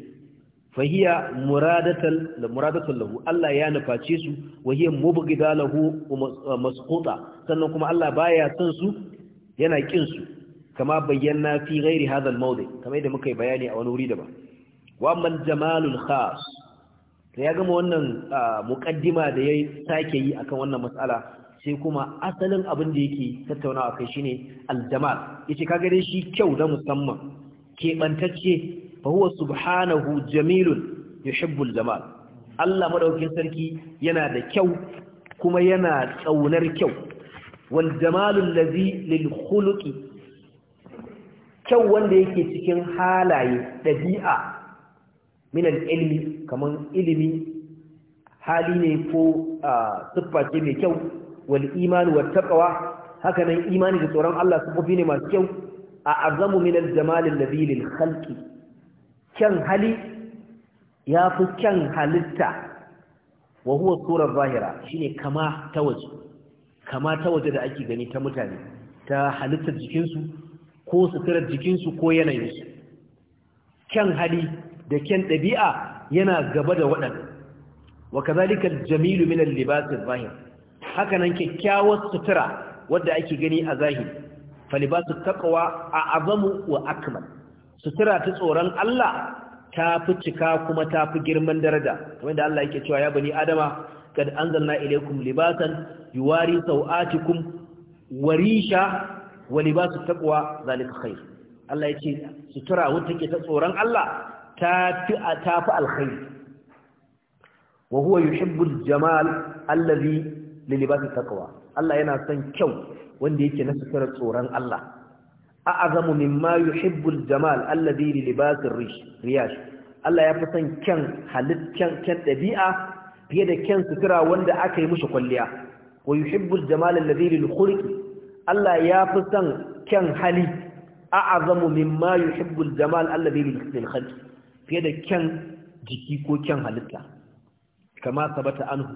Speaker 1: fahiya muradatal muradatal lahu Allah ya nuface su wahiya mubghida lahu uh, masquta sannan kuma Allah baya son su yana kin su kama bayyana fi ghairi hadha al-mawdi kamar yadda muka yi bayani a wani wuri daban wa jamalul khas da ya gama wannan muqaddima da yayi sake yi akan wannan mas'ala sai kuma asalin abin da yake tattaunawa kai shine aljamal yace kaga dai shi kyau da musamman kebantacce fa huwa subhanahu jamilun yuhibbul jamal Allah madaukakin sarki yana da kyau kuma yana tsaunar kyau wal jamalul ladhi lil khuluqi kyau wanda yake cikin halaye dabi'a min al kamar ilimi hali ne ko siffa ce mai kyau wal iman wa taqwa haka nan imani da tsoron Allah kofi ne masu kyau a azamu min al-jamal alladhi lil khalqi kyan hali ya fi kyan halitta wa huwa zahira shine kama ta waje kama ta waje da ake gani ta mutane ta halittar jikinsu ko suturar jikinsu ko yanayinsu kyan hali da ɗabi'a yana gaba da waɗanda, wa kazalika jamilu minan al zahir haka nan kyakkyawar sutura wadda ake gani a zahiri fa libasu a a'zamu wa akmal sutura ta tsoron Allah ta fi cika kuma ta fi girman daraja wanda Allah yake cewa ya bani adama kad anzalna ilaykum libasan yuwari sawatikum warisha wa libasu taqwa zalika khair Allah yace sutura wacce take ta tsoron Allah ta fi alkhairi wa huwa yuhibbul jamal allazi li libasi taqwa Allah yana son kyau wanda yake na sutura tsoron Allah a'azamu mimma yuhibbul jamal allazi li libasi riyash Allah ya fi son kyan halittar kyan dabi'a fiye da kyan sutura wanda aka yi mushi kwalliya wa yuhibbul jamal allazi li Allah ya fi son kyan hali a'azamu mimma yuhibbul jamal allazi li khalqi fiye da kyan jiki ko kyan halitta kama sabata anhu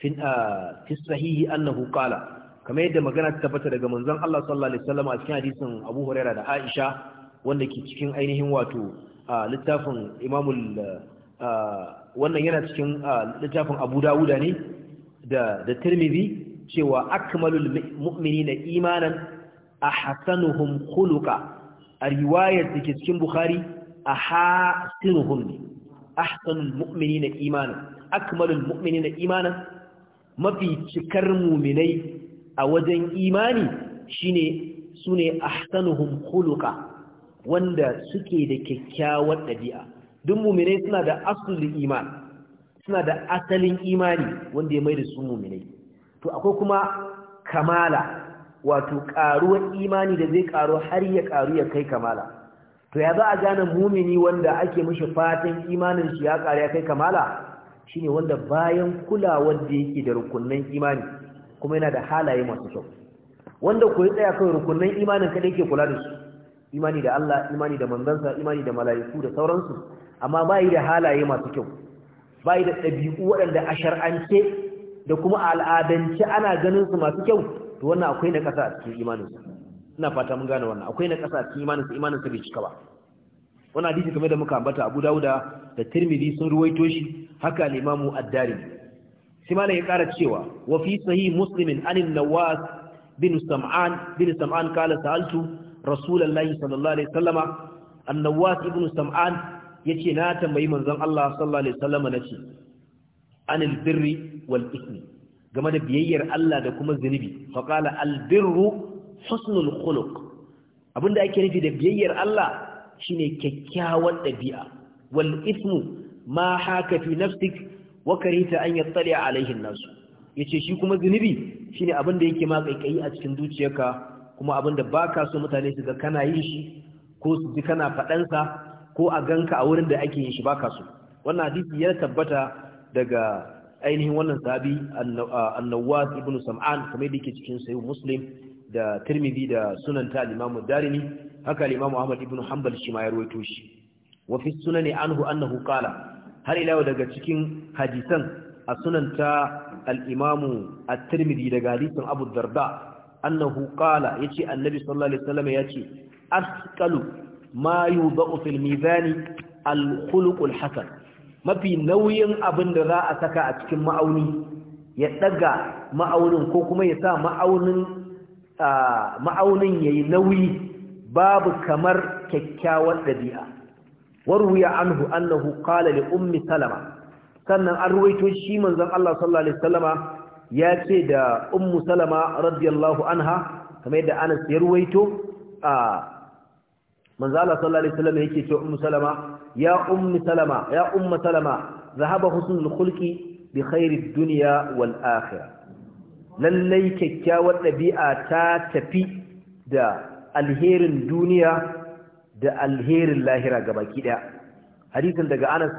Speaker 1: fin ah, fi sahihi annahu qala kamar yadda magana ta tabbata daga manzon Allah sallallahu alaihi wasallam a cikin hadisin Abu Hurairah da Aisha wanda ke cikin ainihin wato ah, littafin Imamul ah, wannan yana cikin littafin Abu Dawuda ne da da Tirmidhi cewa akmalul mu'minina imanan ahsanuhum khuluqa a riwayar da ke cikin Bukhari a hasinuhum ne ahsanul mu'minina imanan akmalul mafi cikar muminai a wajen imani shine sune ahsanuhum khuluqa wanda suke da kyakkyawar ɗabi'a duk muminai suna da asulul iman suna da asalin imani wanda ya mai da su muminai to akwai kuma kamala wato ƙaruwar imani da zai ƙaru har ya ƙaru ya kai kamala to ya za a gane mumini wanda ake mishi fatan imanin shi ya ƙare ya kai kamala shine wanda bayan kulawar da yake da rukunnan imani kuma yana da halaye masu kyau wanda ku yi tsaya kawai rukunnan imanin kada ke kula da su imani da Allah imani da manzansa imani da mala'iku da sauransu amma ba yi da halaye masu kyau ba yi da ɗabi'u waɗanda a shar'ance da kuma al'adance ana ganin su masu kyau to wannan akwai na ƙasa a cikin imaninsu ina fata mun gane wannan akwai na ƙasa cikin imaninsa-imaninsa bai cika ba Wani hadisi kamar da muka ambata Abu Dawuda da Tirmidhi sun ruwaito shi haka al-Imam Ad-Darimi sai malam ya ƙara cewa wa fi sahih Muslim an nawas bin Sam'an bin Sam'an kala sa'altu Rasulullahi sallallahu alaihi wasallama an-Nawas ibn Sam'an yace na tambayi manzon Allah sallallahu alaihi wasallama nace anil birri wal ismi game da biyayyar Allah da kuma zunubi faqala al birru husnul khuluq abinda ake nufi da biyayyar Allah shine kyakkyawan dabi'a wal ismu ma haka fi nafsik wa karita an yattali alaihi an-nas yace shi kuma zunubi shine abinda yake ma kaikayi a cikin zuciyarka kuma abinda baka so mutane su ga kana yin shi ko su ji kana faɗansa sa ko a ganka a wurin da ake yin shi baka so wannan hadisi ya tabbata daga ainihin wannan sahabi annawas ibn sam'an kamar da yake cikin sahih muslim da tirmidhi da sunan ta al-imam darimi haka al-imam ahmad ibn hanbal shi ma yarwaito shi wa fi sunani anhu annahu qala har ila daga cikin hadisan a sunan ta al-imam at-tirmidhi daga hadisin abu darda annahu qala yace annabi sallallahu alaihi wasallam yace asqalu ma yudau fil mizan al-khuluq al-hasan mafi nauyin abin da za a saka a cikin ma'auni ya daga ma'aunin ko kuma ya sa ma'aunin ma'aunin yi nauyi babu kamar kyakkyawar dabi'a ya anhu annahu qala li ummi salama sannan an ruwaito shi manzan Allah sallallahu alaihi wasallama ya ce da ummi salama radiyallahu anha kamar yadda Anas ya ruwaito a manzon Allah sallallahu alaihi wasallama yake ce ummi salama ya ummi salama ya ummu salama ذهب حسن الخلق بخير الدنيا والآخرة lallai kyakkyawar ɗabi'a ta tafi da alherin duniya da alherin lahira ga baki ɗaya hadisin daga anas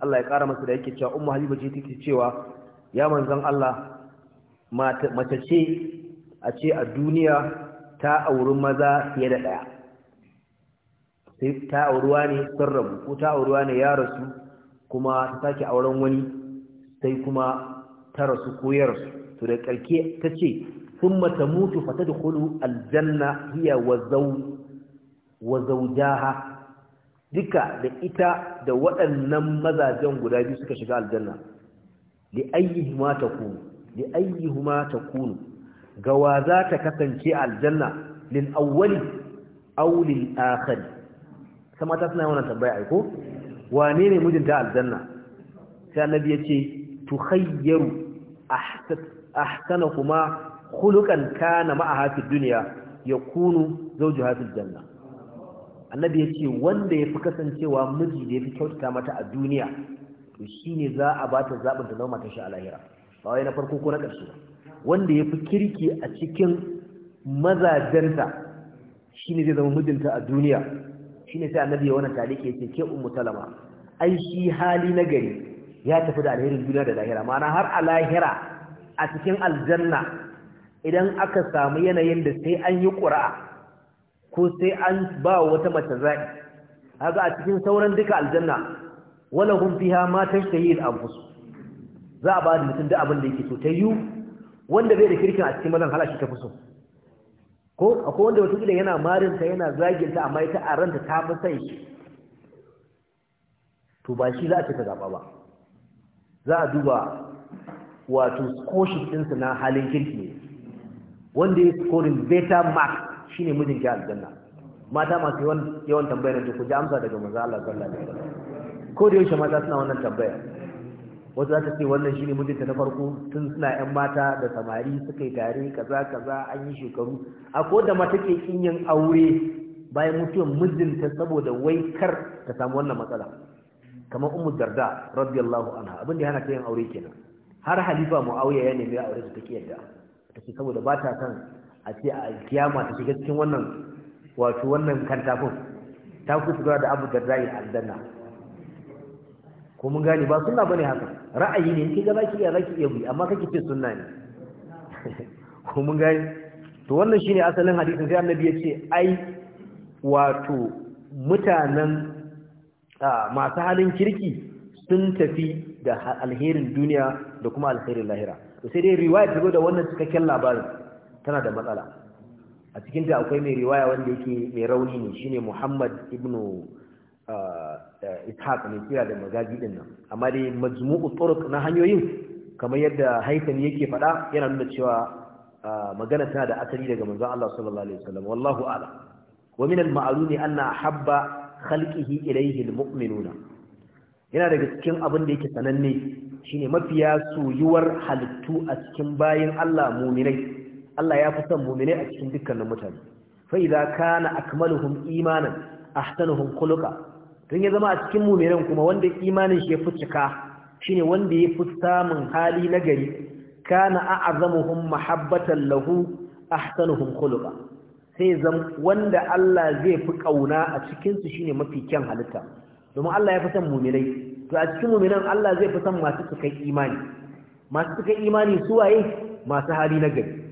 Speaker 1: Allah ya ƙara masa da yake cewa Umma habiba ce take cewa ya manzan Allah mace ce a ce a duniya ta auri maza fiye da ɗaya sai ta auruwa ne sun ko ta auruwa ne ya rasu kuma ta sake auren wani sai kuma ta rasu ko ya rasu to da karke ta ce sun mata mutu fata da kulu aljanna hiya wa zaujaha duka da ita da waɗannan mazajen guda biyu suka shiga aljanna li ayyihima takunu li ayyihima takunu ga wa za ta kasance aljanna lil awwali aw lil akhir sama ta suna wannan tambaya ai ko wane ne mijinta aljanna sai annabi yace tukhayyaru ahsat ahsanahuma khuluqan kana ma'aha fi dunya yakunu zawjuha fil janna annabi yace wanda yafi kasancewa miji da yafi kyautata mata a duniya to shine za a bata zabin ta zama ta shi a lahira ba wai na farko ko na ƙarshe wanda yafi kirki a cikin mazajenta shine zai zama mijinta a duniya shine sai annabi ya wannan talike yace ke ummu salama ai shi hali na gari ya tafi da alherin duniya da lahira ma'ana har a lahira a cikin aljanna idan aka samu yanayin da sai an yi ƙura'a ko sai an ba wata mace za'i haka a cikin sauran duka aljanna wala hum fiha ma tashtahi al-anfus za a ba da mutum da abin da yake so ta yi wanda bai da kirkin a cikin mazan halashi ta fi so ko akwai wanda wata yana marinta yana zaginta amma ita a ranta ta fi san shi to ba shi za a ce ta zaɓa ba za a duba wato scholarship ɗinsu na halin kirki ne wanda ya scoring beta mark ne mijin ki aljanna mata masu yawan tambayar da ku ji amsa daga maza Allah sallallahu alaihi ko da yaushe mata suna wannan tambaya wasu za ta ce wannan shi ne mijinta na farko tun suna yan mata da samari suka yi tare kaza kaza an yi shekaru a ko da mata ke kinyin aure bayan mutuwar mijinta saboda wai kar ta samu wannan matsala kamar ummu darda radiyallahu anha abin da hana ta yin aure kenan har halifa muawiya ya nemi aure ta take yadda take saboda ba ta san a ce a kiyama ta shiga cikin wannan wato wannan kantafin ta ku tura da abu al aljanna ko mun gane ba sunna bane haka ra'ayi ne kike ga ki iya zaki iya bi amma kake ce sunna ne (laughs) ko mun gane to wannan shine asalin hadisin sai annabi ya ce ai wato mutanen masu halin kirki sun tafi da alherin duniya da kuma alkhairin lahira to sai dai riwaya ta zo da wannan cikakken labarin tana da matsala a cikin ta akwai mai riwaya wanda yake mai rauni ne shine Muhammad ibnu ah, ah, Ishaq mai kira da magazi din nan amma dai majmu'u turuq na hanyoyin kamar yadda haitami yake faɗa yana nuna cewa ah, magana tana da asali daga manzon Allah sallallahu alaihi wasallam wallahu a'lam wa min al-ma'lumi anna habba khalqihi ilayhi al-mu'minuna yana daga cikin abin da yake sananne shine mafiya soyuwar halittu a cikin bayin Allah muminai Allah ya fi son muminai a cikin dukkanin mutane fa idza kana akmaluhum imanan ahsanuhum khuluqa tun ya zama a cikin muminan kuma wanda imanin shi ya fi cika shine wanda ya fi samun hali na gari, kana a'azamuhum mahabbatan lahu ahsanuhum khuluqa sai zam wanda Allah zai fi kauna a cikin su shine mafi kyan halitta domin Allah ya fi san muminai to a cikin muminan Allah zai fi san masu suka imani masu suka imani su waye masu hali na gari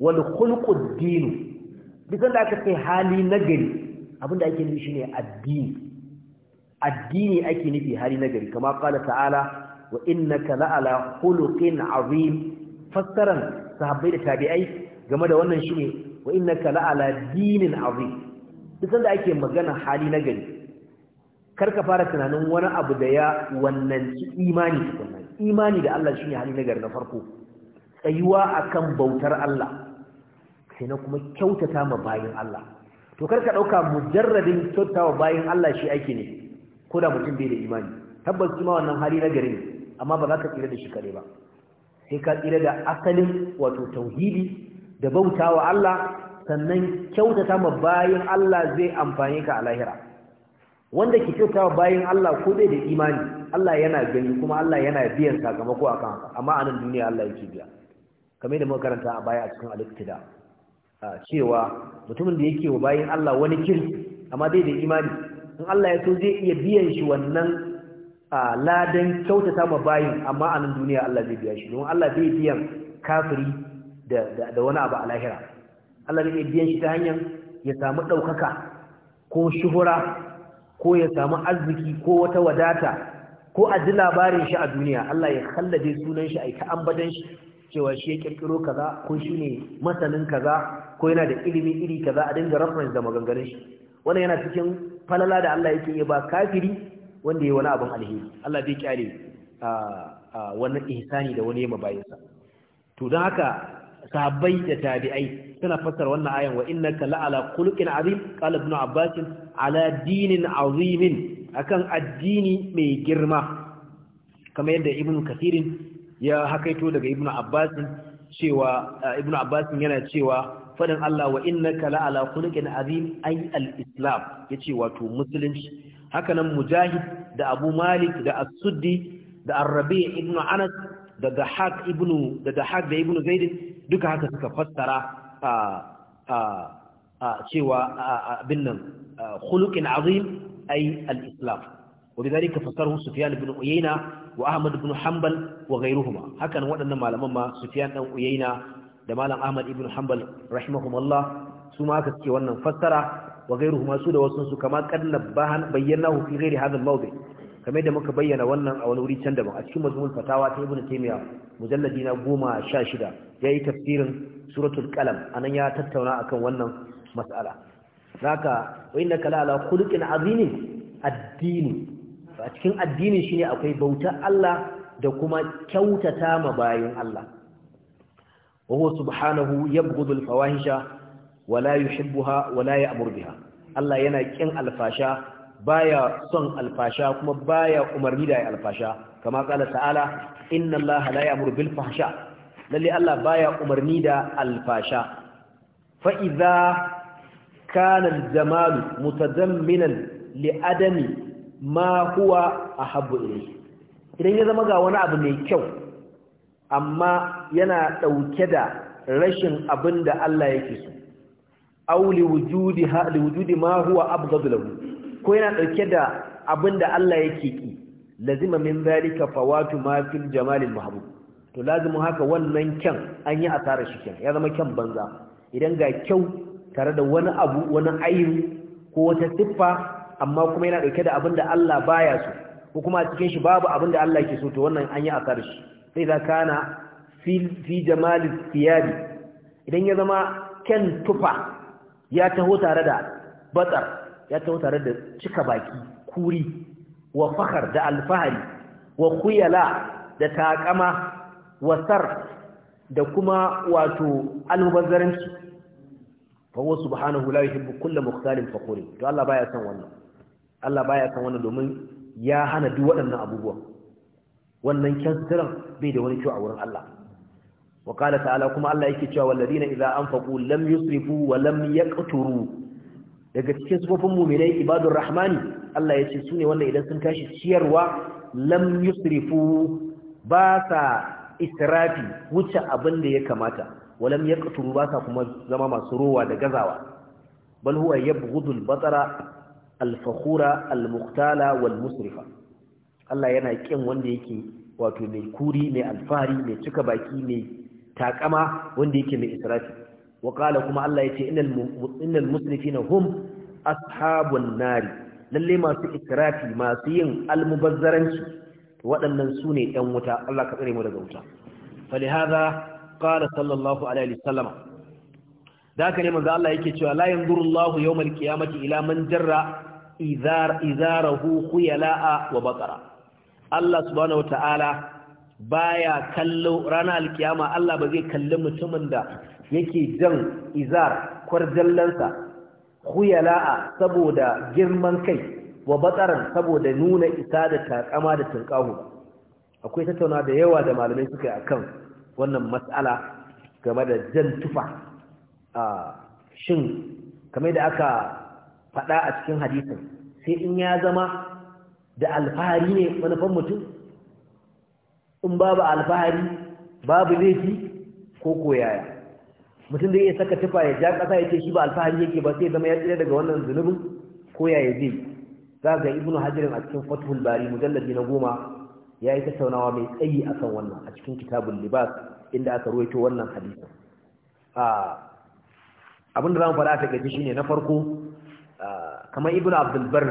Speaker 1: wal khulqud din duk da aka ce hali na gari abinda ake nufi shine addini addini ake nufi hali na gari kamar qala ta'ala wa innaka la'ala khuluqin azim fassaran sahabbai da tabi'ai game da wannan shine wa innaka la'ala dinin azim duk da ake magana hali na gari Kar ka fara tunanin wani abu da ya wannan imani tukunna imani da Allah shine hali nagari na farko tsayuwa akan bautar Allah sai na kuma kyautata ma bayin Allah to karka dauka mujarradin kyautatawa bayin Allah shi ake ne ko da mutum bai da imani tabbas kuma wannan hali na gari ne amma ba za ka tsira da shi kare ba sai ka tsira da asalin wato tauhidi da bautawa Allah sannan kyautata ma bayin Allah zai amfane ka a lahira wanda ke kyauta bayan Allah ko dai da imani Allah yana gani kuma Allah yana biyan sakamako akan haka amma a nan duniya Allah yake biya kamar da muka karanta a baya a cikin al-iktida cewa mutumin da yake wa bayan Allah wani kirki amma dai da imani in Allah ya so zai iya biyan shi wannan ladan kyautata ma bayin amma a nan duniya Allah zai biya shi don Allah zai biyan kafiri da wani abu a lahira Allah zai biyan shi ta hanyar ya samu ɗaukaka ko shuhura ko ya samu arziki ko wata wadata ko a ji labarin shi a duniya Allah ya kallade sunan shi a ta ambadan shi cewa shi ya kirkiro kaza ko shi ne masanin kaza ko yana da ilimi iri kaza a dinga reference da maganganun shi wannan yana cikin falala da Allah yake ba kafiri wanda ya wani abin alheri Allah bai kyale wannan ihsani da wani yema bayinsa. to don haka sahabbai da tabi'ai suna fassara wannan ayan wa innaka la'ala khuluqin azim qala ibn abbas ala dinin azimin akan addini mai girma kamar yadda ibnu kasirin ya hakaito daga Ibn abbasin cewa Ibn abbasin yana cewa fadin Allah wa innaka la ala khuluqin azim ay al-islam yace wato musulunci hakanan mujahid da abu malik da as-suddi da ar-rabi' ibnu anas da dahak da dahak da ibnu zaid duka haka suka fassara a cewa abin nan khuluqin azim ay al-islam وبذلك فسره سفيان بن عيينة وأحمد بن حنبل وغيرهما هكذا وأن معلم ما سفيان بن عيينة دمال أحمد بن حنبل رحمهم الله ثم أكد وأن فسر وغيرهما سود وسنس كما قد نبهن بيناه في غير هذا الموضع كما يدى مك بيّن وأن أول أريد سندما أتكي مجموع الفتاوى ابن تيمية مجلدين قوما شاشدة جاي تفسير سورة الكلم أنا يا تتونا أكن وأن mas'ala zaka wa innaka la ala khuluqin azimin addini a cikin addini shine akwai bauta Allah da kuma kyautata ma bayin Allah wa subhanahu yabghudu al-fawahisha wa la yuhibbuha wa la ya'muru biha Allah yana kin alfasha baya son alfasha kuma baya umarni da alfasha kama kala ta'ala inna Allah la ya'muru bil fahsha lalle Allah baya umarni da alfasha fa idza kana al-jamal mutadamminan idan ya zama ga wani abu mai kyau amma yana ɗauke da rashin abin da Allah yake so aw li wujudi ha li wujudi ko yana ɗauke da abin da Allah yake ki lazima min zalika fawatu ma fil jamal al to lazimin haka wannan kyan an yi asarar shi kyan ya zama kyan banza idan ga kyau tare da wani abu wani ayin ko wata siffa amma kuma yana dauke da abinda Allah baya so ko kuma cikin shi babu abin da Allah ke so to wannan an yi asar shi sai da kana fi jamali idan ya zama ken tufa ya taho tare da batsar ya taho tare da cika baki kuri wa da alfahari wa kuyala da takama, wa sar da kuma wato almubazzaranci fa subhanahu la yuhibbu kulla mukhtalin fakhuri to Allah baya son wannan Allah baya son wannan domin ya hana duk waɗannan abubuwa wannan kyansiran bai da wani kyau a wurin Allah wa qala ta'ala kuma Allah yake cewa walladina idza anfaqu lam yusrifu wa lam yaqturu daga cikin sufofin mu'minai ibadur rahmani Allah yace sune wanda idan sun tashi ciyarwa lam yusrifu ba sa israfi wuce abin da ya kamata walam yaqturu ba sa kuma zama masu rowa da gazawa bal huwa yabghudu al-batara al wal-musrifa Allah yana kin wanda yake wato mai kuri mai alfari mai cika baki mai takama wanda yake mai israfi wa qala kuma Allah yace innal innal musrifina hum ashabun nari lalle masu israfi masu yin almubazzaranci waɗannan su ne ‘yan wuta Allah ka tsare mu daga wuta. Falihada qala sallallahu alaihi wasallam da haka ne manzo Allah yake cewa la yanzuru Allahu yawmal qiyamati ila man jarra izar izarahu khuyala'a wa baqara Allah subhanahu wataala baya kallo ranar alkiyama Allah ba zai kalli mutumin da yake jan izar kwarjallansa khuyala'a saboda girman kai wa batsaran saboda nuna isa da takama da tunkahu akwai tattauna da yawa da malamai suka yi akan wannan matsala game da jan tufa a shin kamar da aka faɗa a cikin hadisin sai in ya zama da alfahari ne manufan mutum in babu alfahari babu laifi ko koyaya mutum zai iya saka tufa ya ja ƙasa ya ce shi ba alfahari yake ba sai zama ya tsira daga wannan zunubin ko zai za ga ibnu hajirin a cikin fathul bari mujallabi na goma ya yi tattaunawa mai tsayi akan wannan a cikin kitabun libas inda aka ruwaito wannan hadisin da za mu faɗa a takaice shine na farko kamar ibn abdulbar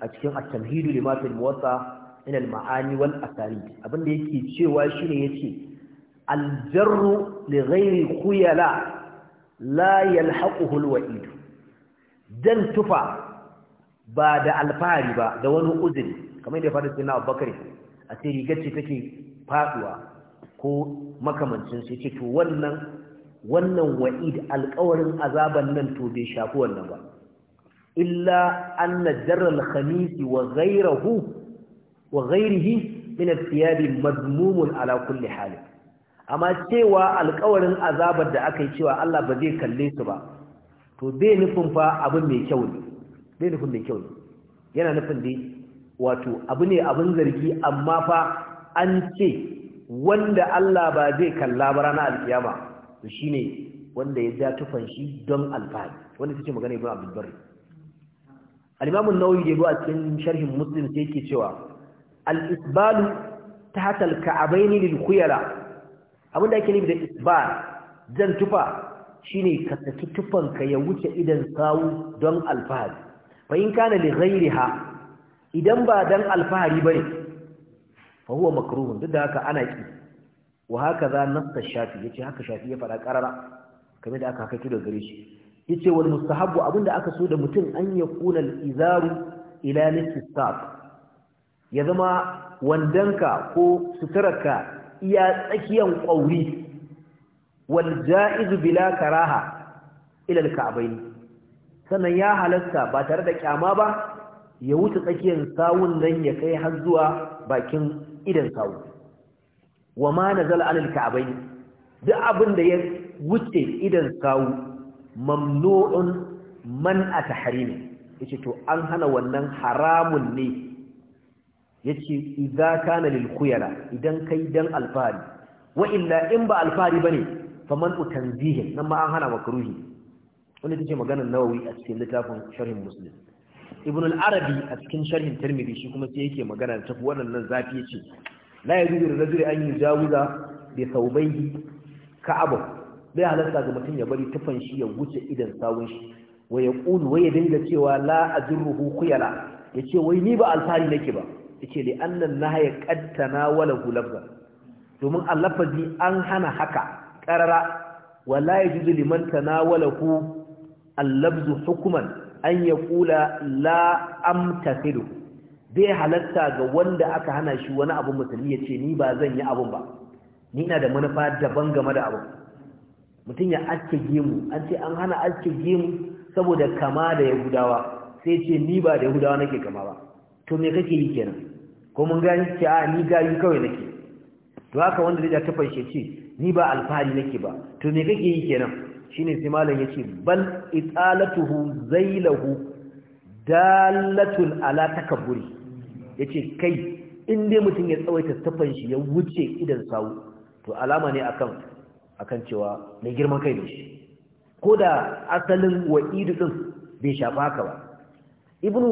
Speaker 1: a cikin at-tamhidu lima fil muwatta min al-ma'ani wal asani da yake cewa shine yace al-jarru li ghairi khuyala la yalhaquhu al-wa'id dan tufa ba da alfari ba da wani uzuri kamar da ya faɗa sayyidina abubakar a sai rigar ce take faduwa ko makamancin sai ce to wannan wannan wa'id alƙawarin azaban nan to bai shafi wannan ba illa anna jarral khamis wa ghayruhu wa ghayrihi min al-thiyab madmumun ala kulli hal amma cewa alƙawarin azabar da aka yi cewa Allah ba zai kalle su ba to bai nufin fa abin mai kyau ne bai nufin mai kyau ne yana nufin dai wato abu ne abin zargi amma fa an ce wanda Allah ba zai kalla ba ranar alkiyama to shine wanda ya ja tufan shi don alfahari wanda suke magana ibn Abdul Barr al-Imam an-Nawawi da ya cikin sharhin Muslim sai yake cewa al-isbal tahta al-ka'bayn lil-khuyala abinda yake nufi da isbal jan tufa shine ka saki tufan ka ya wuce idan sawu don alfahari fa in kana li ghayriha idan ba dan alfahari bane fa huwa makaruhun duk da haka ana ki wa haka za nasta shafi yace haka shafi ya fada ƙarara. kamar da aka haka da gare shi yace wal mustahabbu abinda aka so da mutum an ya kuna izaru ila ya zama wandanka ko suturarka iya tsakiyan ƙwauri? wal ja'izu bila karaha ila al-ka'bayn sannan ya halatta ba tare da kyama ba ya wuce tsakiyar sawun nan ya kai har zuwa bakin idan sawun wa ma nazal alal ka'bayn duk abin da ya wuce idan sawu mamnu'un man atahrim yace to an hana wannan haramun ne yace idza kana lil khuyala idan kai dan alfari wa illa in ba alfari bane faman utanzihin nan ma an hana makruhi wanda tace maganar nawawi a cikin littafin sharhin muslim ibn al-arabi a cikin sharhin tirmidhi shi kuma sai yake magana da tafi wannan zafi yace la yajuzu lirajul an yujawiza bi thawbayhi ka'aba bai halarta ga mutum ya bari tufan shi ya wuce idan sawun shi wa yaqulu wa dinga cewa la ajruhu khuyala yace wai ni ba alfari nake ba yace li anna nahaya qad tanawala lafza domin allafazi an hana haka qarara wala yajuzu liman tanawalahu al-lafzu hukman an ya kula la amtasilu Zai halatta ga wanda aka hana shi wani abu musulmi ya ce ni ba zan yi abun ba ni ina da manufa daban game da abu mutum ya aske gemu an ce an hana aske gemu saboda kama da yahudawa sai ce ni ba da yahudawa nake kama ba to me kake yi kenan ko mun gani ce a ni gayu kawai nake to haka wanda zai ta tafashe ce ni ba alfahari nake ba to me kake yi kenan shine sai malam yace bal italatuhu zailahu dalatun ala takabburi yace kai in dai mutum ya tsawaita tafan shi ya wuce idan sawu to alama ne akan akan cewa mai girman kai ne shi da asalin wa'idu din bai shafa haka ba ibnu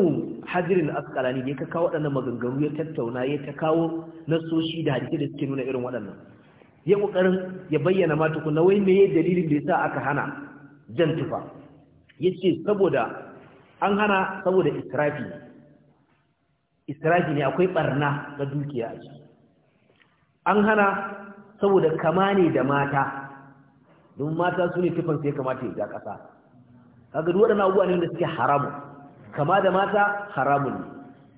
Speaker 1: hajirin asqalani ne ka kawo waɗannan maganganu ya tattauna ya ta kawo nasoshi da hadisi da suke nuna irin waɗannan ya ƙoƙarin ya bayyana ma tukuna wai meye dalilin da yasa aka hana jan tufa yace saboda an hana saboda israfi israfi ne akwai barna ga dukiya a ciki an hana saboda kama ne da mata don mata su ne tufan sai kamata ya ja ƙasa kaga duk waɗannan abubuwa ne da suke haramu kama da mata haramun ne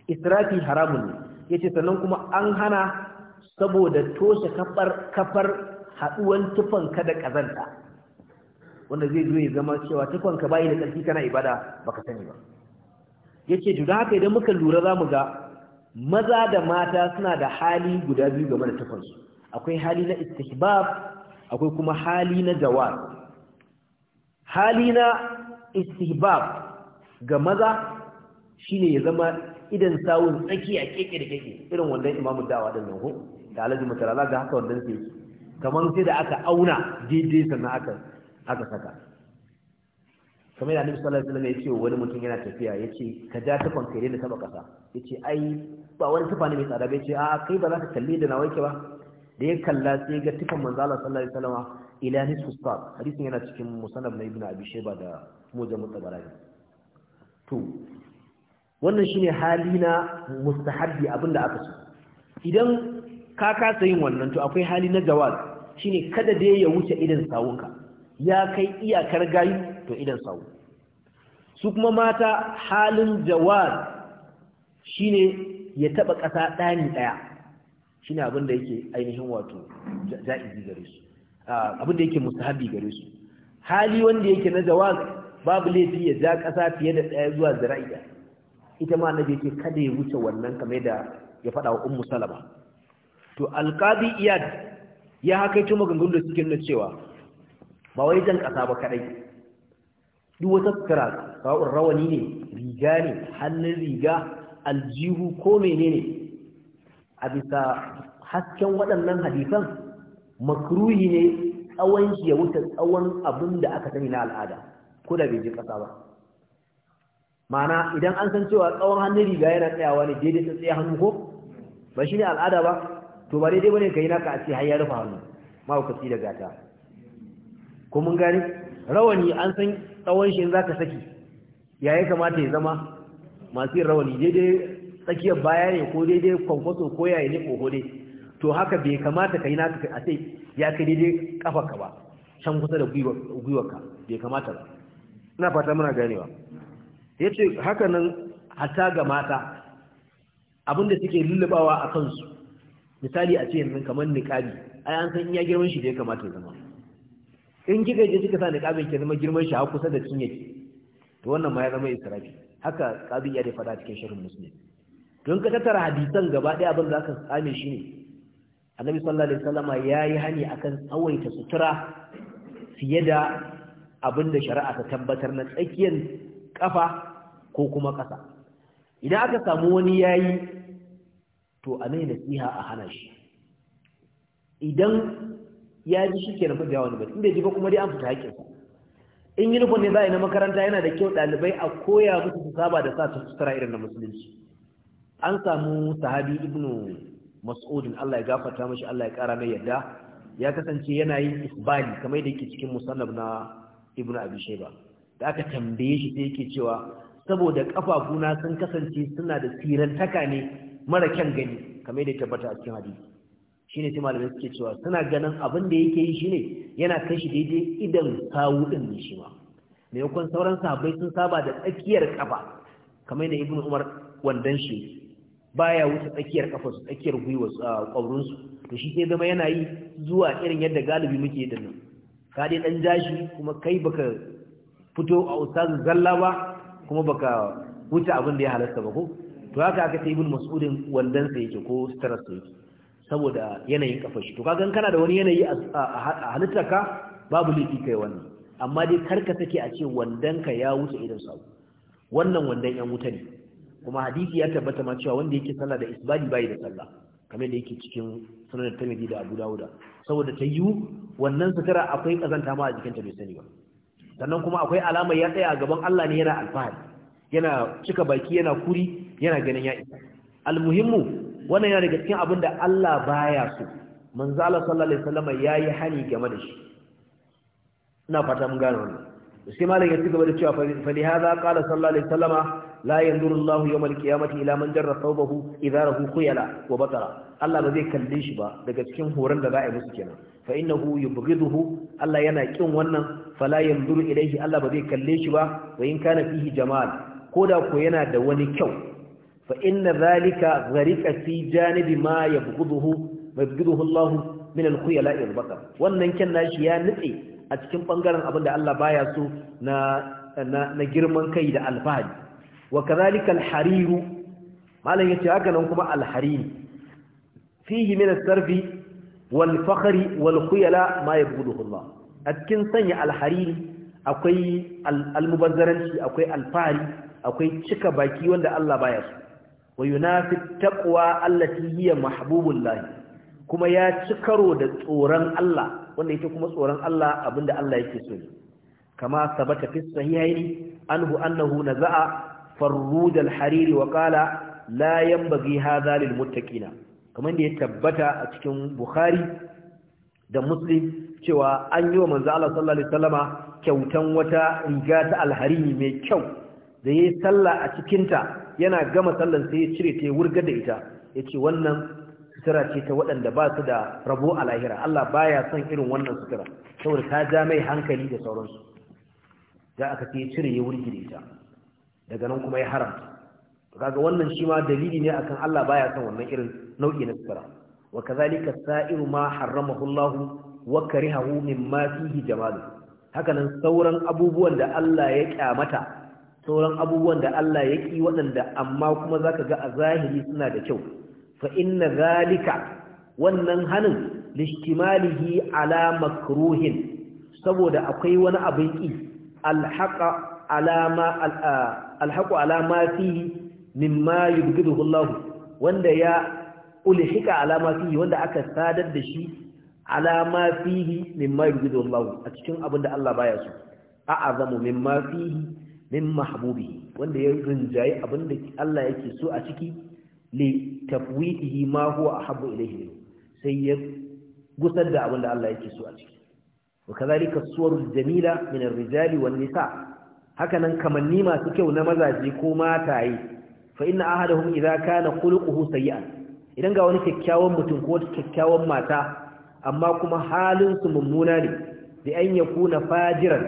Speaker 1: israfi haramun ne yace sannan kuma an hana saboda toshe kafar kafar haduwan tufanka da kazanta wanda zai zo ya zama cewa tufanka bayi da karfi kana ibada baka sani ba yace to haka idan muka lura zamu ga maza da mata suna da hali guda biyu game da tufansu akwai hali na istihbab akwai kuma hali na zawar hali na istihbab ga maza shine ya zama idan sawun a keke da keke irin wannan imamu dawa da nan ko da alaji mutara za ga haka wannan sai kamar sai da aka auna daidai sannan aka aka saka kamar da annabi sallallahu alaihi wasallam ya ce wani mutum yana tafiya ya ce ka ja tufan kai da taba kasa ya ce ai ba wani tufa ne mai tsada ba ya ce a kai ba za ka kalli da nawa ba da ya kalla sai ga tufan manzo Allah sallallahu alaihi wasallam ila nisfu sab hadisin yana cikin musannaf na ibnu abi shayba da mujam tabarani to wannan shine hali na mustahabbi abinda aka so idan ka kasa yin wannan to akwai hali na jawaz shine kada dai ya wuce idan sawunka ya kai iyakar gayu to idan sawu su kuma mata halin jawaz shine ya taba kasa dani daya shine abinda yake ainihin wato ja'izi gare su ah, abinda yake mustahabbi gare su hali wanda yake na jawaz babu laifi ya ja kasa fiye da daya zuwa zira'i ita ma annabi yake kada ya wuce wannan kamar da ya faɗa wa ummu salama to alqadi iyad ya hakaito maganganun da suke nuna cewa ba wai jan kasa ba kadai duk wata sutura sawa'un rawani ne riga ne hannun riga aljihu ko menene a bisa hasken waɗannan hadisan makruhi ne tsawon shi ya wuce tsawon abin da aka sani na al'ada ko da bai je ƙasa ba ma'ana idan an san cewa tsawon hannun riga yana tsayawa ne daidai tsaye hannu ko ba shi ne al'ada ba to ba daidai bane ka yi naka a ce har ya rufa hannu mahaukaci da gata ko mun gani rawani an san tsawon shi za ka saki ya ya kamata ya zama masu yin rawani daidai tsakiyar baya ne ko daidai kwankwaso ko yayi ne ko dai to haka bai kamata ka yi naka a ce ya kai daidai ka ba can kusa da gwiwarka bai kamata ba ina fata muna ganewa ya ce hakanan hata ga mata abinda suke lullubawa a kansu misali a ce yanzu kamar nikabi ai an san iya girman shi da ya kamata zama in kika je kika sa nikabin ke zama girman shi har kusa da cinye ki to wannan ma ya zama israfi haka kabi ya da fada cikin shirin musulmi don ka tattara hadisan gaba ɗaya abin da aka tsame shi ne annabi sallallahu alaihi wasallama yi hani akan tsawaita sutura fiye da abin da shari'a ta tabbatar na tsakiyar kafa ko kuma ƙasa idan aka samu wani yayi to a mai nasiha a hana shi idan ya ji shi ke nufin da wani ba inda ji ba kuma dai an fita haƙinsa in yi nufin ne za a yi na makaranta yana da kyau ɗalibai a koya musu su saba da sa sutura irin na musulunci an samu sahabi ibnu mas'udin Allah ya gafarta mashi Allah ya ƙara mai yadda ya kasance yana yin isbali kamar da yake cikin musallab na ibnu abi da aka tambaye shi sai yake cewa saboda kafafuna sun kasance suna da taka ne mara kyan gani kamar yadda tabbata a cikin hadisi shine sai malamai suke cewa suna ganin abin da yake yi shine yana kai shi daidai idan sawu din ne shi ma maimakon sauran sahabbai sun saba da tsakiyar kafa kamar da ibnu umar wandan shi baya wuce tsakiyar kafa su tsakiyar gwiwa kwabrun su to shi sai zama yana yi zuwa irin yadda galibi muke yi dinnan ka dai dan jashi kuma kai baka fito a ustazin zalla ba kuma baka wuce abin da ya halasta ba ko to haka aka ce ibn mas'udin wandan sai yake ko stress yake saboda yanayin kafar shi to kaga kana da wani yanayi a halittarka babu liki kai wannan amma dai karka take a ce wandan ka ya wuce idan sa wannan wandan yan wuta ne kuma hadisi ya tabbata ma cewa wanda yake sallah da isbali bai da sallah kamar da yake cikin sunan Tirmidhi da Abu dauda saboda ta yiwu wannan satara akwai kazanta ma a jikinta bai sani ba sannan kuma akwai alamar ya tsaya a gaban Allah ne yana alfahari yana cika baki yana kuri yana ganin ya isa almuhimmu wannan yana daga cikin abin da Allah baya so manzo Allah sallallahu alaihi wasallam yayi hani game da shi ina fata mun gane wannan sai malam ya cigaba da cewa fa li hadha qala sallallahu alaihi wasallam la yanzuru Allah yawm al-qiyamati ila man jarra thawbahu idharahu khuyala wa batara Allah ba zai kalle shi ba daga cikin horon da za a yi musu kenan fa innahu yubghiduhu Allah yana kin wannan fala yanzuru ilayhi Allah ba zai kalle shi ba wa in kana fihi jamal koda ko yana da wani kyau fa inna zalika gharika fi janibi ma yubghiduhu yubghiduhu Allah min al-khuyala al-bakar wannan kin nashi ya nitse a cikin bangaren abinda Allah baya so na na girman kai da alfahari wa kadhalika al-hariru malan yace haka nan kuma al-harir fihi min sarfi wal fakhri wal khuyala ma yabghuduhu Allah a cikin sanya alhariri akwai almubazzaranci akwai alfahari akwai cika baki wanda Allah baya so wa yunafi taqwa allati hiya mahbubullah kuma ya ci karo da tsoron Allah wanda ita kuma tsoron Allah abinda Allah yake so ne kama sabata fi sahihaini anhu annahu naza'a farrud al-harir wa qala la yanbaghi hadha lil muttaqina kamar da ya tabbata a cikin bukhari da muslim cewa an yi wa manzo Allah sallallahu alaihi wasallama kyautan wata riga ta alharimi mai kyau da yayi sallah a cikin ta yana gama sallan sai ya cire ta ya wurgar da ita yace wannan sutura ce ta waɗanda ba su da rabo a lahira Allah baya son irin wannan sutura saboda ta ja mai hankali da sauransu da aka ce ya cire ya wurgi da ita daga nan kuma ya haramta kaga wannan shi ma dalili ne akan Allah baya son wannan irin nau'i na sutura wa kazalika sa'iru ma harramahu Allah wa karihahu mimma fihi jamalu hakanan sauran abubuwan da Allah ya kyamata sauran abubuwan da Allah ya ki waɗanda amma kuma zaka ga a zahiri suna da kyau fa inna zalika wannan hanin lishtimalihi ala makruhin saboda akwai wani abin ki alhaqa alama alhaqu alama fihi mimma yubghiduhu Allah wanda ya ulhika alama fihi wanda aka sadar da shi alama fihi mimma yuridu Allah a cikin abin da Allah baya so a azamu mimma fihi min mahbubi wanda ya rinjayi abin da Allah yake so a ciki li tafwidihi ma huwa ahabbu ilayhi sai ya gusar da abin da Allah yake so a ciki wakazalika suwarul jamila min ar-rijali wan nisa hakanan kamanni masu kyau na mazaje ko mataye fa inna ahadahum idza kana khuluquhu sayyi'an idan ga wani kyakkyawan mutum ko wata kyakkyawan mata amma kuma halinsu mummuna ne da an ya kuna fajiran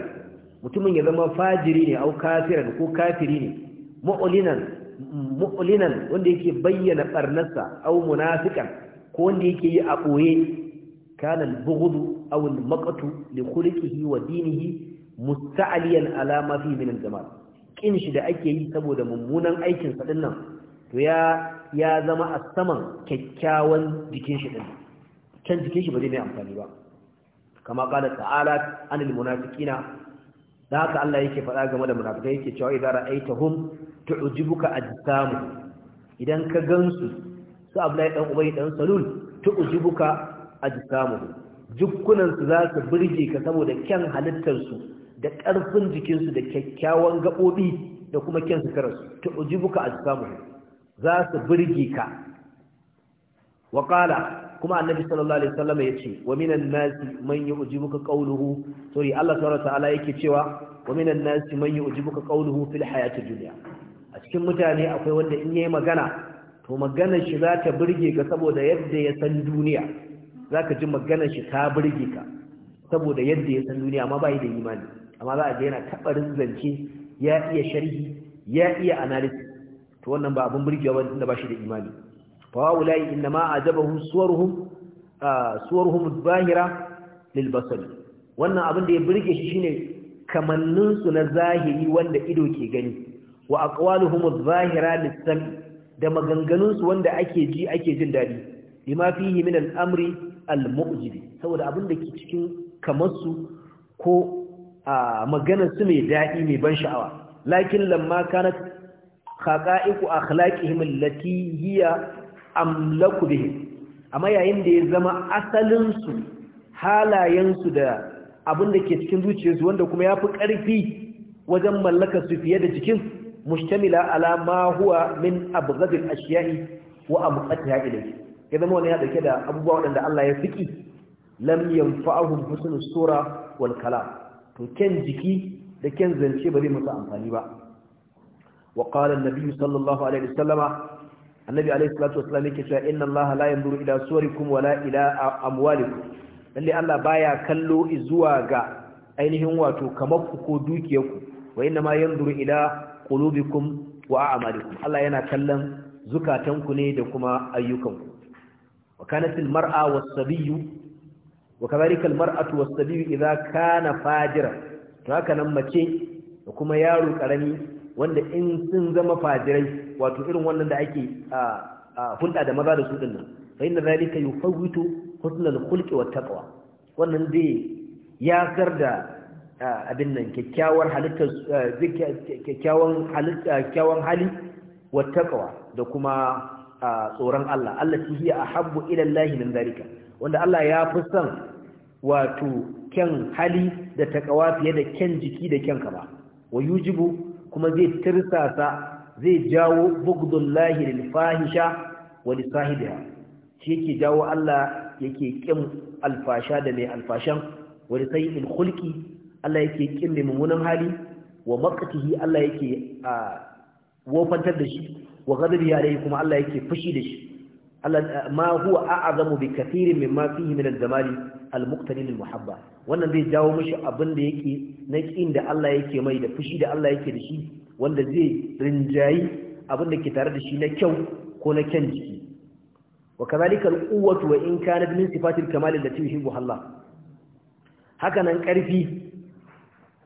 Speaker 1: mutumin ya zama fajiri ne au kafiran ko kafiri ne mu'linan wanda yake bayyana barnarsa au munafikan ko wanda yake yi a ɓoye kanan bugudu au makatu li khuluqihi wa dinihi musta'aliyan alama fi min al-jamal kin shi da ake yi saboda mummunan aikin sa dinnan to ya ya zama a saman kyakkyawan jikin shi ɗin can jikin shi ba zai mai amfani ba kama ƙada ta'ala anil munafiqina da haka Allah yake faɗa game da munafikai yake cewa idan ra'aitahum tu'jibuka ajsamu idan ka gansu su Abdullahi dan Ubay dan Salul tu'jibuka ajsamu jukkunan su za su burge ka saboda kyan halittar su da ƙarfin jikinsu da kyakkyawan gaɓoɓi da kuma kyan sukararsu ta ujibuka a samu za su birge ka wa kuma annabi sallallahu alaihi wasallam ce, wa minan nasi man yu'jibuka qawluhu sorry Allah subhanahu ta'ala yake cewa wa minan nasi man yu'jibuka qawluhu fil hayati dunya a cikin mutane akwai wanda in yayi magana to maganar shi za ta burge ka saboda yadda ya san duniya zaka ji maganar shi ta burge ka saboda yadda ya san duniya amma ba yi da imani amma za a ga yana tabarin zance ya iya sharhi ya iya analysis to wannan ba abun burgewa ba da ba shi da imani fa wallahi inna ma ajabahu suwaruhum suwaruhum zahira lil basari wannan abin da ya burge shi shine kamannin su na zahiri wanda ido ke gani wa aqwaluhum zahira lis sam'i da maganganun su wanda ake ji ake jin dadi lima fihi min al-amri al saboda abin da ke cikin kamar su ko maganar su mai dadi mai ban sha'awa lakin lamma kanat haqa'iqu akhlaqihim allati hiya amlaku bihim amma yayin da ya zama asalin halayensu da abin da ke cikin zuciyarsu wanda kuma fi ƙarfi wajen mallakar su fiye da jikin mushtamila ala huwa min abghadil ashiya'i wa amqatiha ilayhi ya zama wani ya dauke da abubuwa waɗanda Allah ya fiki Lamiyan yanfa'uhum husnus sura wal kalam to ken jiki da ken zance ba zai musu amfani ba وقال النبي صلى الله عليه وسلم النبي عليه الصلاة والسلام يكشى إن الله لا ينظر إلى صوركم ولا إلى أموالكم للي الله بايا كلو إزواغا أينهم واتو كمفكو دوكيكم وإنما ينظر إلى قلوبكم وأعمالكم الله ينا كلم زكاتنكم نيدكما أيكم وكانت المرأة والصبي وكذلك المرأة والصبي إذا كان فاجرا فهكذا نمتين وكما يارو كرمي wanda in sun zama fajirai wato irin wannan da ake hulɗa da maza da su ɗin nan fa inna zalika yufawwitu husnal khulqi wat taqwa wannan zai yakar da abin nan kyakkyawar halittar kyakkyawan halitta kyakkyawan hali wat taqwa da kuma tsoron Allah Allah shi hiya ahabbu ila Allah min zalika wanda Allah ya fi son wato kyan hali da taqwa fiye da kyan jiki da kyan kaba wa yujibu kuma zai tirsasa zai jawo bugdullahi lil fahisha wa li shi yake jawo Allah yake ƙin alfasha da mai alfashan Wani sai in khulqi Allah yake ƙin mai mummunan hali wa maqtihi Allah yake ah, wofantar da shi wa ghadabi yare kuma Allah yake fushi da shi ma huwa a'azamu bi kathirin mimma fihi min al-jamali al-muqtadi lil muhabba wannan zai jawo mishi abin da yake na kin da Allah yake mai da fushi da Allah yake da shi wanda zai rinjayi abin da ke tare da shi na kyau ko na kyan jiki wa kadhalika al-quwwatu wa in kana min sifati al-kamal allati yuhibbu Allah haka nan karfi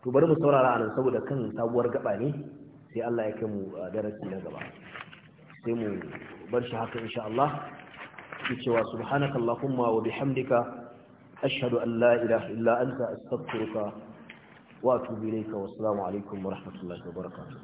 Speaker 1: to bari mu saurara anan saboda kan sabuwar gaba ne sai Allah ya kai mu uh, darasi na gaba sai mu bar shi haka insha Allah ki cewa subhanaka allahumma wa bihamdika ashhadu an la ilaha illa anta astaghfiruka wa atubu ilayka wa assalamu alaikum wa rahmatullahi wa barakatuh